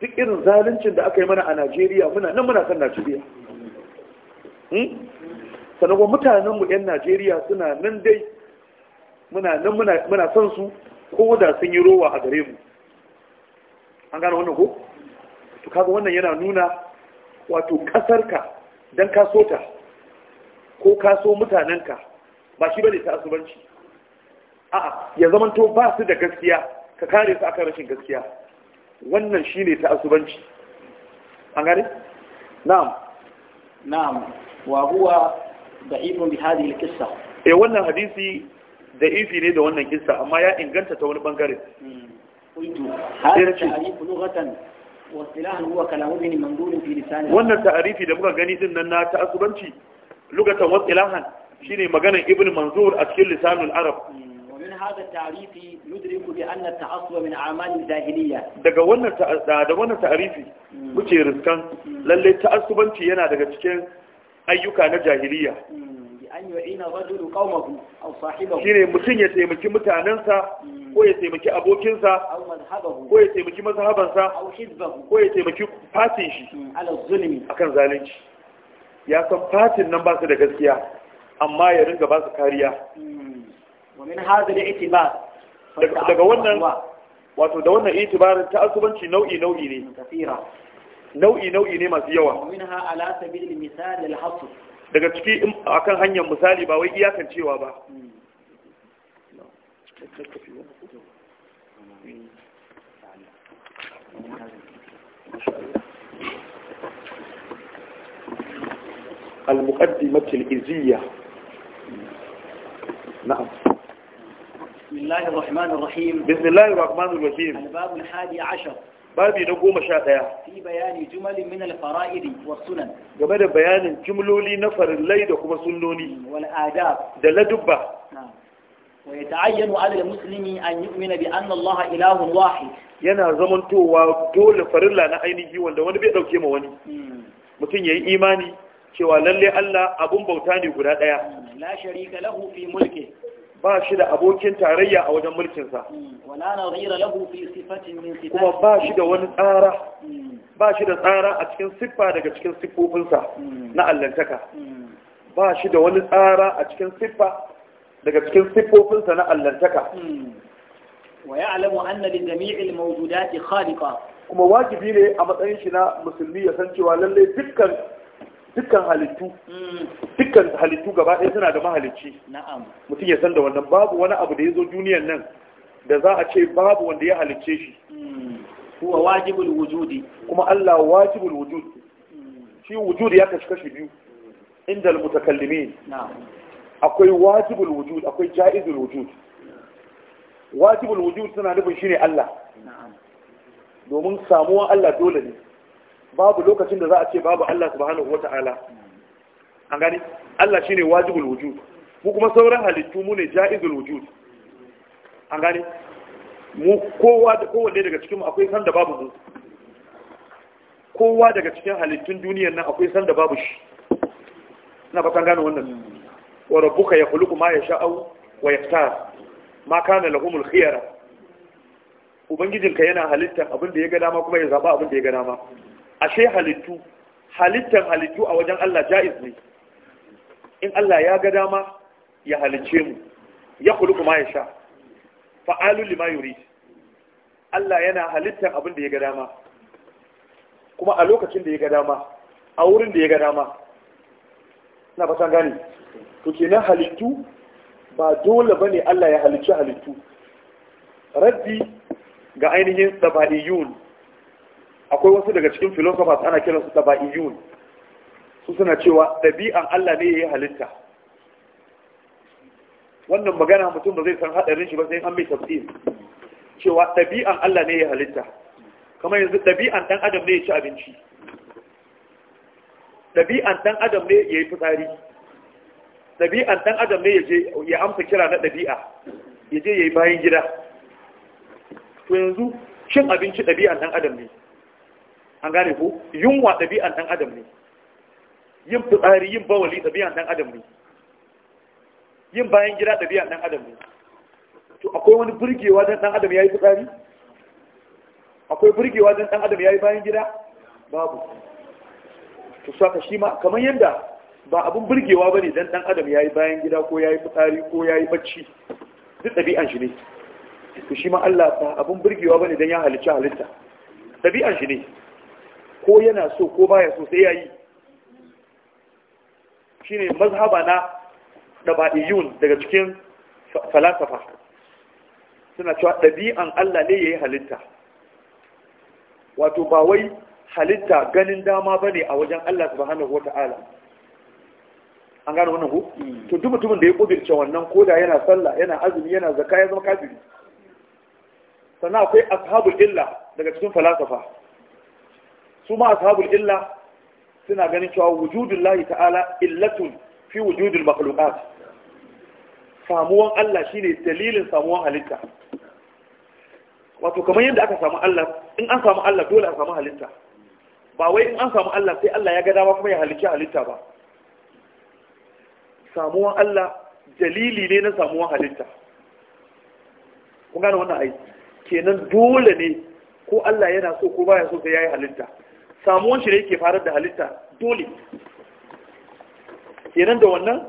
duk irin zaluncin da aka yi mana a Najeriya muna nan muna son Najeriya hmm? sannan kuma mutanen mu yan Najeriya suna nan dai muna nan muna son su ko da sun yi rowa a gare mu an gano wannan ko to kaga wannan yana nuna wato kasarka dan ka so ta ko ka so mutanenka ba shi bane ta asubanci a'a ya to ba su da gaskiya ka kare su akan rashin gaskiya wannan shi ne ta asubanci an gane na'am na'am wahuwa da da'ifun bi hadi da qissa eh wannan hadisi da'ifi ne da wannan kissa amma ya inganta ta wani bangare hmm. wannan ta'arifi da muka gani din nan na lokacin lugatan ilahan, shi ne maganar ibn manzur a cikin lisanin arab hmm. ومن هذا التعريف ندرك بأن التعصب من أعمال الجاهلية daga wannan ta'arifi hmm. muke riskan hmm. lalle ta'assubanci yana daga cikin ayyuka na jahiliya hmm. an yu'ina rajulu ya taimaki ko ya taimaki abokinsa ko ya taimaki mazhabansa ko ya taimaki fatin shi akan zalunci ya san fatin nan ba su da gaskiya amma ya ringa ba su kariya daga wannan wato da wannan itibarin ta'assubanci nau'i nau'i ne nau'i nau'i ne masu yawa daga ciki akan hanyar misali ba wai iyakan cewa ba المقدمة الإزية نعم بسم الله الرحمن الرحيم بسم الله الرحمن na goma sha ɗaya fi bayani jumalin min alfara'idi wa sunan game da bayanin jumloli na farillai da kuma sunnoni wal adab da ladubba wa yata'ayyanu 'ala al-muslimi an yu'mina bi anna Allah ilahun yana zamantowa dole farilla na ainihi wanda wani bai ɗauke ma wani hmm. mutum ya yi imani cewa lallai Allah abun bauta ne guda ɗaya hmm. la sharika lahu fi mulki ba shi da abokin tarayya a wajen mulkinsa hmm, kuma ba shi da wani tsara hmm. ba shi da tsara a cikin siffa daga cikin siffofinsa hmm. na allantaka ba shi da wani tsara a cikin siffa daga cikin siffofinsa na allantaka jami'il kuma wajibi ne a matsayin shi na musulmi ya san cewa lallai dukkan dukkan halittu dukkan halittu gaba ɗaya suna da mahalicci mutum ya san da wannan babu wani abu da ya zo duniyan nan da za a ce babu wanda ya halicce shi hmm. huwa wajibul wujudi kuma Allah wajibul wujud hmm. shi wujudi ya kashi kashi biyu inda almutakallimin akwai wajibul wujud akwai jaizul wujud wajibul wujud suna nufin shine Allah domin samuwan Allah dole ne babu lokacin da za a ce babu Allah subhanahu wata'ala an gani Allah shine wajibul wujud mu kuma sauran halittu mu ne jaizul wujud an gani mu kowa da kowanne daga cikin mu akwai san da babu mu kowa daga cikin halittun duniyar nan akwai san da babu shi ina ba kan gane wannan wa rabbuka yakhluqu ma yasha'u wa yaktar ma kana lahumul khiyara ubangijinka yana halittar abin da ya ga dama kuma ya zaba abin da ya ga dama ashe halittu halittar halittu a wajen Allah ja'iz ne in Allah ya ga dama ya halice mu ya kuluku kuma ya sha fa'alu lima yuri Allah yana halittar abin da ya ga dama kuma a lokacin da ya ga dama a wurin da ya ga dama na fatan gani to kenan halittu ba dole bane Allah ya halice halittu raddi ga ainihin sabaiyun akwai wasu daga cikin philosophers ana kiransu taba'iyun su suna cewa ɗabi'an Allah ne ya yi halitta wannan magana mutum da zai san haɗarin shi ba sai an mai tafsir cewa ɗabi'an Allah ne yi halitta kamar yanzu ɗabi'an ɗan adam ne ya ci abinci ɗabi'an ɗan adam ne ya yi fitsari ɗabi'an ɗan adam ne ya amsa kira na ɗabi'a ya je ya yi bayan gida to yanzu cin abinci ɗabi'an ɗan adam ne an gane ko yunwa ɗabi'an ɗan adam ne yin fitsari yin bawali ɗabi'an ɗan adam ne yin bayan gida ɗabi'an ɗan adam ne to akwai wani burgewa don ɗan adam ya yi fitsari akwai burgewa don ɗan adam ya yi bayan gida babu to saka shi ma kamar yadda ba abin burgewa ba ne don ɗan adam ya yi bayan gida ko ya yi fitsari ko ya yi bacci duk ɗabi'an shi ne to shi ma Allah ba abin burgewa ba ne don ya halicci halitta ɗabi'an shi ne ko yana so ko baya so sai yayi shine mazhaba na daba'iyun daga cikin falasafa suna cewa ɗabi'an Allah ne yayi halitta wato ba wai halitta ganin dama bane a wajen Allah subhanahu wata'ala an gano wannan ko mm. to duk mutumin da ya kudirce wannan koda yana sallah yana azumi yana zakka ya zama kafiri sannan akwai ashabul illa daga cikin falasafa su ma ashabul illa suna ganin cewa wujudul lahi ta'ala illatun fi wujudul makhluqat samuwan Allah shine dalilin samuwan halitta wato kamar yadda aka samu Allah in an samu Allah dole a samu halitta ba wai in an samu Allah sai Allah ya ga dama kuma ya halicci halitta ba samuwan Allah dalili ne na samuwan halitta kun gane wannan ai kenan dole ne ko Allah yana so ko baya so sai yayi halitta samuwan shi da yake farar da halitta dole kenan da wannan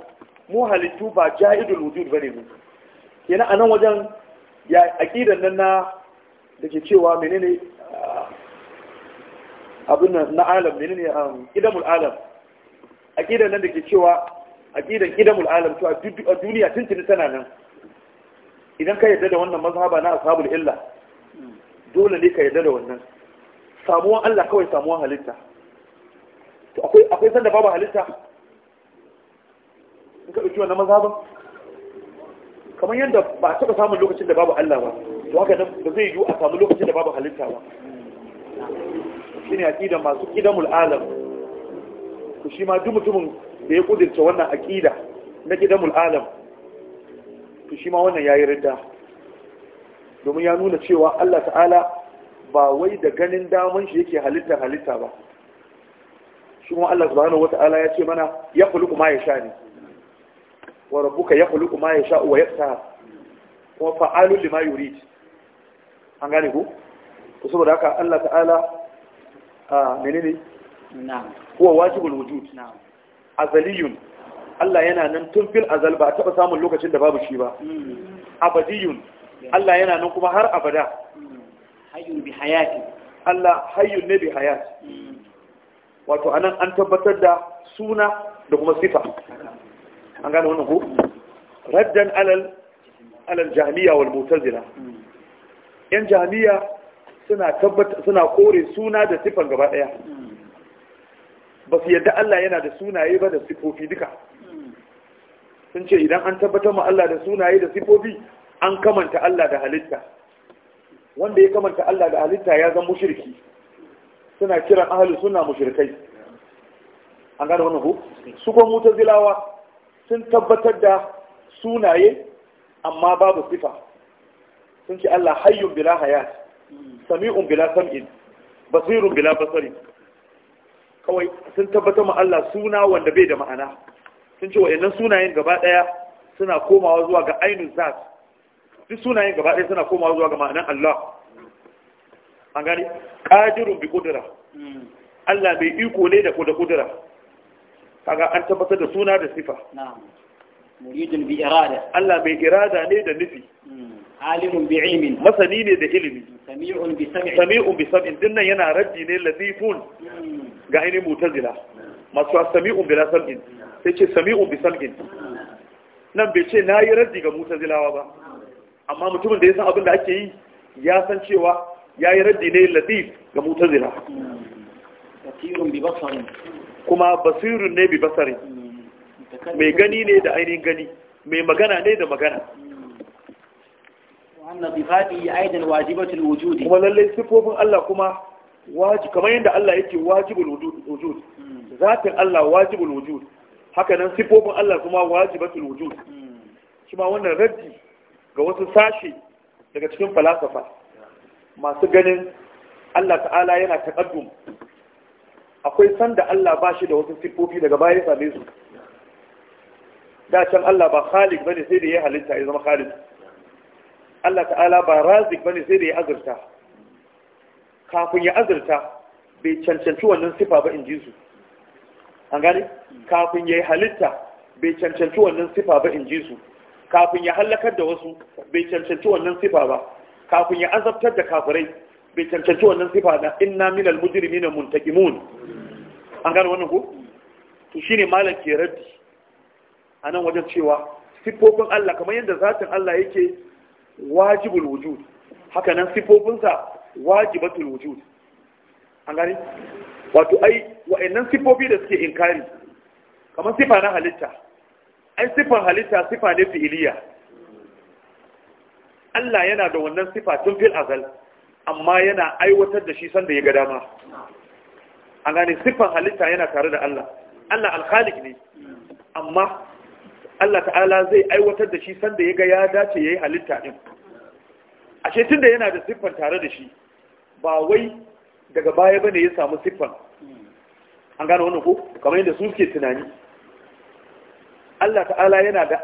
mu halittu ba ja'idul wujud bane mu kenan anan wajen ya aqidan nan na dake cewa menene ah, abin nan na alam menene um, idamul alam aqidan nan dake cewa aqidan idamul alam to a duniya tuntuni tana nan idan ka yarda da wannan mazhaba na ashabul illa dole ne ka yarda da wannan samuwan Allah kawai samuwan halitta to akwai akwai sanda babu halitta in ka na maza ba. kamar yadda ba a taɓa samun lokacin da babu Allah ba to haka nan ba zai yiwu a samu lokacin da babu halitta ba shine aqida masu ƙidan mul'alam, ku shi ma duk mutumin da ya kudirce wannan aqida na ƙidan mul'alam, to shi ma wannan ya yi ridda domin ya nuna cewa Allah ta'ala ba wai da ganin daman shi yake halitta halitta ba shi kuma Allah subhanahu wata'ala ya ce mana ya khuluqu ma yasha ne wa rabbuka ya khuluqu ma yasha wa yaqta wa fa'alu lima yurid an gane ku to saboda haka Allah ta'ala a menene na'am huwa wajibul wujud na'am azaliyun Allah yana nan tun fil azal ba taɓa samun lokacin da babu shi ba mm. abadiyun Allah yana nan kuma har abada mm. hayyun bi hayati Allah hayyun ne bi hayati hmm. wato anan an tabbatar da suna da kuma sifa an gane wannan ko raddan alal alal jahmiya wal mu'tazila hmm. yan jahmiya suna tabbata suna kore suna da sifan gaba daya hmm. ba su yadda Allah yana da sunaye ba da sifofi duka sun ce idan an tabbatar mu Allah da sunaye da sifofi an kamanta Allah da halitta wanda ya kamanta Allah da halitta ya zama mushriki suna kiran ahlus sunna mushrikai an gane wannan ko su ko mutazilawa sun tabbatar da sunaye amma babu sifa sun ce Allah hayyun bila hayat sami'un bila sam'in basirun bila basari kawai sun tabbatar ma Allah suna wanda bai da ma'ana sun ce wa'annan sunayen gaba daya suna komawa zuwa ga ainihin zat duk sunayen gaba ɗaya suna komawa zuwa ga ma'anin Allah an gani qadirun bi ƙudura Allah mai iko ne da kuda A kaga an tabbatar da suna da sifa muridun bi irada Allah mai irada ne da nufi hmm. alimun bi ilmin masani ne da ilimi sami'un bi sam'in sami'un bi sam'in dinnan yana raddi ne lazifun hmm. ga ainihin mutazila masu sami'un bi sam'in sai ce sami'un bi sam'in hmm. nan bai ce nayi raddi ga mutazilawa ba amma mutumin da ya san abin da ake yi ya san cewa ya yi raddi ne latif ga mutazila kuma basirin ne bi basari mai gani ne da ainihin gani mai magana ne da magana kuma lallai sifofin Allah kuma waji kamar yadda Allah yake wajibin wujud hmm. zatin Allah wajibin wujud haka nan sifofin Allah kuma wajibatul wujud hmm. shi ma wannan raddi ga wasu sashi daga cikin falasafa masu ganin Allah ta'ala yana taƙaddum akwai sanda Allah ba shi da wasu siffofi daga baya ya same su da can Allah ba khalik bane sai da ya halitta ya zama khalik Allah ta'ala ba razik bane sai da ya azurta kafin ya azurta bai cancanci wannan sifa ba in ji su an gane kafin ya yi halitta bai cancanci wannan sifa ba in ji su kafin ya halakar da wasu bai cancanci wannan sifa ba kafin ya azabtar da kafirai bai cancanci wannan sifa na inna minal mujrimina muntakimun an gano wannan ko to shine malam ke raddi anan wajen cewa sifofin Allah kamar yadda zatin Allah yake wajibul wujud haka nan sa wajibatul wujud an gane wato ai wa'annan sifofi da suke inkari kamar sifa na halitta ai sifan halitta sifa ne fi'iliya Allah yana da wannan sifa tun fil azal amma yana aiwatar da shi sanda ya ga dama a gane siffan halitta yana tare da Allah Allah alkhalik ne amma Allah ta'ala zai aiwatar da shi sanda ya ga ya dace ya yi halitta din. ashe tun da yana da siffan tare da shi ba wai daga baya bane ya samu siffan an gane wannan ko kamar yadda su suke tunani Allah ta'ala yana da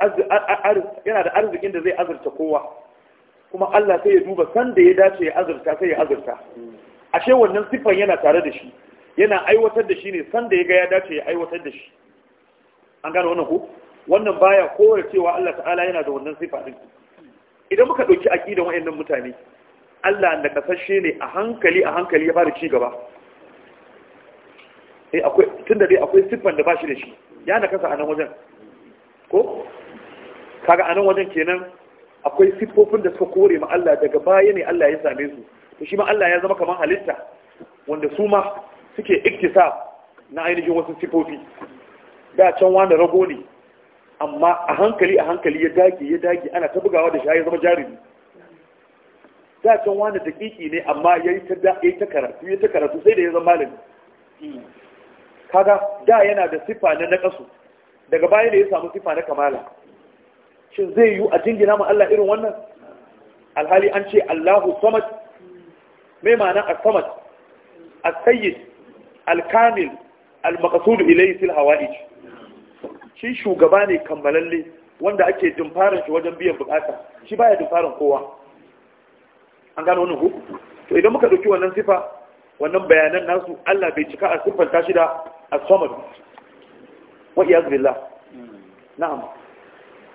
arzikin da zai azurta kowa kuma Allah sai ya duba sanda ya dace ya azurta sai ya azurta ashe wannan siffan yana tare da shi yana aiwatar da shi ne sanda ya ga ya dace ya aiwatar da shi an gane wannan ko wannan baya kowar cewa Allah ta'ala yana da wannan siffa din idan muka dauki aqidar wayannan mutane Allah da kasashe ne a hankali a hankali ya fara ci gaba eh akwai tunda dai akwai siffan da bashi da shi ya nakasa a nan wajen ko kaga anan wajen kenan akwai siffofin da suka kore ma Allah daga baya ne Allah ya same su to shi ma Allah ya zama kamar halitta wanda su ma suke iktisa na ainihin wasu siffofi da can wani rago ne amma a hankali a hankali ya dage ya dage ana ta bugawa da shi ya zama jarumi da can wani dakiki ne amma ya yi ta ta karatu ya ta karatu sai da ya zama malami kaga da yana da siffa na nakasu daga baya da ya samu sifa na kamala shin zai yi a jingina ma Allah irin wannan alhali an ce Allahu samad mai ma'ana as-samad as-sayyid al-kamil al-maqsud ilayhi fil hawa'ij shi shugaba ne kammalalle wanda ake dumfarin shi wajen biyan bukata shi baya dumfarin kowa an gano wannan ku to idan muka dauki wannan sifa wannan bayanan nasu Allah bai cika a sifanta shi da as-samad wa iyaz billah na'am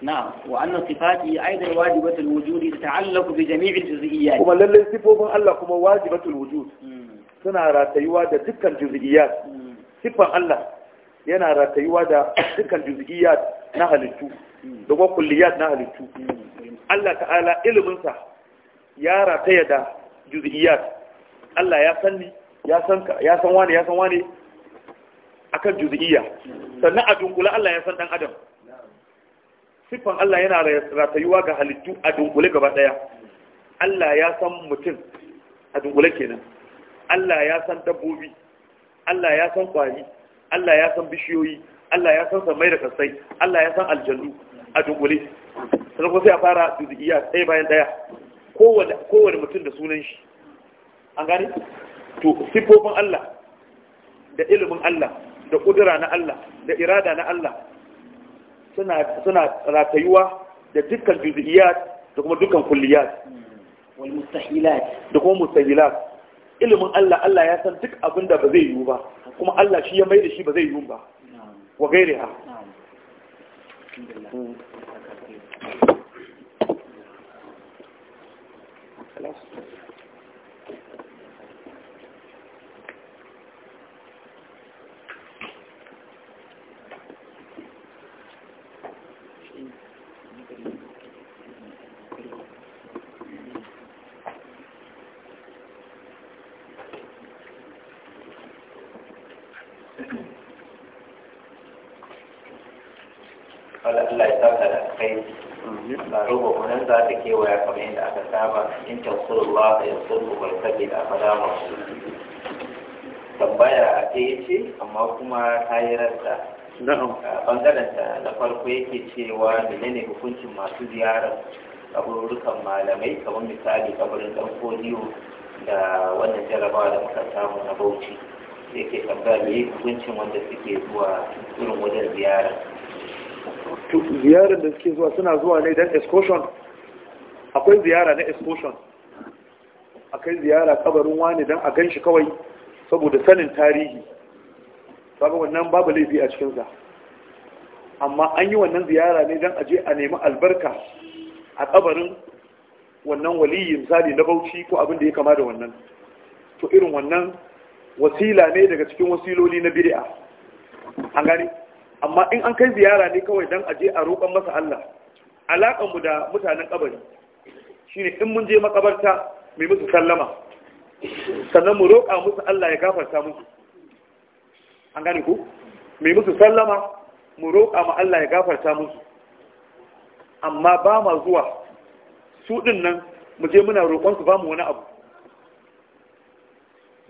na'am wa anna sifati aidan wajibatul wujudi tata'allaqu bi jami'il juz'iyyat kuma lalle sifofin Allah kuma wajibatul wujud suna ratayuwa da dukkan juz'iyyat sifan Allah yana ratayuwa da dukkan juz'iyyat na halittu da kuma na halittu Allah iliminsa ya rataya da juz'iyat Allah ya san wani akan juz'iyya sannan a dunkula Allah ya san dan adam siffan Allah yana ratayuwa ga halittu a dunkule gaba daya Allah ya san mutum a dunkule kenan Allah ya san dabbobi Allah ya san kwari Allah ya san bishiyoyi Allah ya san samai da kasai Allah ya san aljannu a dunkule sannan kuma sai a fara juz'iyya ɗaya bayan daya kowane kowane mutum da sunan shi an gane to siffofin Allah da ilimin Allah da kudura na Allah da irada na Allah suna ratayuwa da dukkan juz'iyat da kuma dukkan kulliyat da kuma mustahilat ilimin Allah Allah ya san duk abin da ba zai yiwu ba kuma Allah shi ya mai da shi ba zai yiwu ba wa gairiha Thank you. za ta kewaya kamar yadda aka saba in tansurullah ka yansurku bai sabi da afada masu tambaya a ta yi ce amma kuma ta yi rarsa bangaren ta na farko yake cewa menene hukuncin masu ziyarar kabururukan malamai kamar misali kaburin dan kodiyo da wannan jarabawa da muka samu na bauchi yake tambaya me hukuncin wanda suke zuwa irin wajen ziyara ziyarar da suke zuwa suna zuwa ne don excursion akwai ziyara na excursion kai ziyara kabarin wani don a gan shi kawai saboda sanin tarihi babu wannan babu laifi a cikinsa amma an yi wannan ziyara ne don je a nemi albarka a kabarin wannan waliyi misali na bauchi ko abin da ya kama da wannan to irin wannan wasila ne daga cikin wasiloli na biri'a. an gani amma in an kai ziyara ne kawai don je a roƙon masa Allah mu da mutanen kabari shine in mun je makabarta mai musu sallama sannan mu roƙa musu Allah ya gafarta musu an gane ku mai musu sallama mu roƙa ma Allah ya gafarta musu amma ba ma zuwa su ɗin nan mu je muna roƙon su ba mu wani abu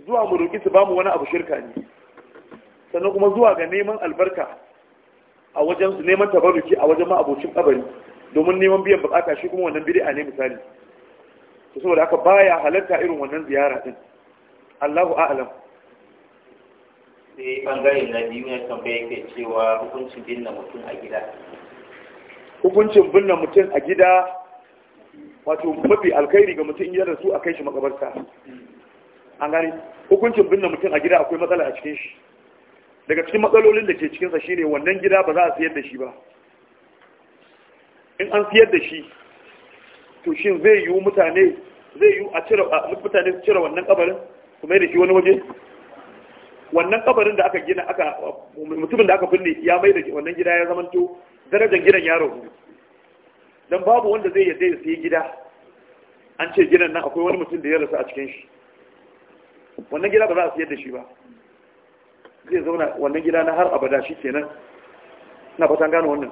zuwa mu roƙi su ba mu wani abu shirka ne sannan kuma zuwa ga neman albarka a wajen su neman tabaruki a wajen ma abokin kabari domin neman biyan bukata shi kuma wannan bid'a ne misali to saboda haka baya halarta irin wannan ziyara din Allahu a'lam sai bangare na biyu ne bai ke cewa hukuncin binne mutum a gida hukuncin binne mutum a gida wato mafi alkhairi ga mutum ya su a kai shi makabarta an gani hukuncin binne mutum a gida akwai matsala a cikin shi daga cikin matsalolin da ke cikinsa shine wannan gida ba za a sayar da shi ba in an siyar da shi to shin zai yiwu mutane zai yi a cire mutane su cire wannan kabarin Ku mai da shi wani waje wannan kabarin da aka gina aka mutumin da aka binne ya mai da wannan gida ya zamanto darajar gidan ya ragu dan babu wanda zai yadda ya sayi gida an ce gidan nan akwai wani mutum da ya rasu a cikin shi wannan gida ba za a siyar da shi ba zai zauna wannan gida na har abada shi kenan na fatan gano wannan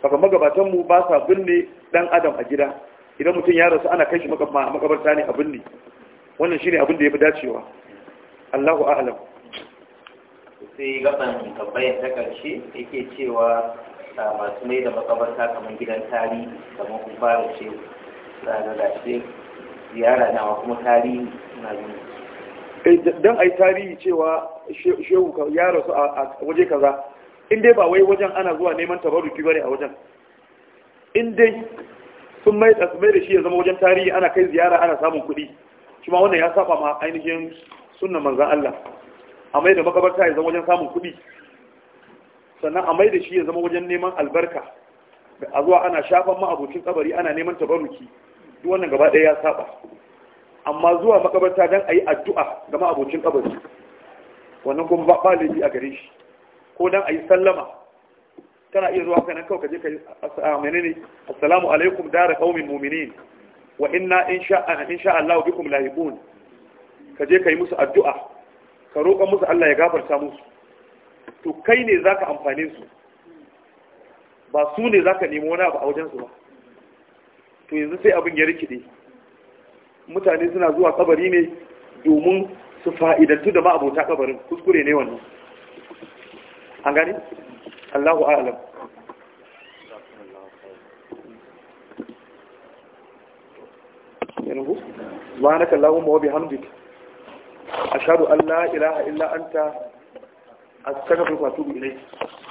kafa magabatan mu ba sa binne dan adam a gida idan mutum ya rasu ana kai shi makabarta ne a binne wannan shine abin da ya fi dacewa Allahu a'lam sai gaban tambayar ta karshe yake cewa ah, masu mai da makabarta kamar gidan tarihi kamar kun fara ce da gashi ziyara wa kuma tarihi na don eh, dan ai tarihi cewa shehu ya rasu a waje kaza in dai ba wai wajen ana zuwa neman tabaruki bane a wajen in dai sun mai da shi ya zama wajen tarihi ana kai ziyara ana samun kuɗi shi ma wannan ya saba ma ainihin sunnan manzan Allah a mai da makabarta ya zama wajen samun kuɗi sannan a mai da shi ya zama wajen neman albarka a zuwa ana shafan ma abokin kabari ana neman tabaruki duk wannan gaba ɗaya ya saba amma zuwa makabarta don a yi addu'a ga ma abokin kabari wannan kuma ba laifi a gare shi ko dan ayi sallama kana iya zuwa kana kawai kaje kai ah, menene assalamu alaikum dara qaumin mu'minin wa inna insha ah, insha Allah bikum lahibun kaje kai musu addu'a ka roƙa musu Allah ya gafarta musu to kai ne zaka amfane su ba su ne zaka nemo wani abu a wajen su ba to yanzu sai abin ya rikide mutane suna zuwa kabari ne domin su fa'idantu da abota kabarin kuskure ne wannan an gani Allahu a'lam yanzu subhanaka allahumma wa bihamdika ashhadu an la ilaha illa anta astaghfiruka wa atubu ilayk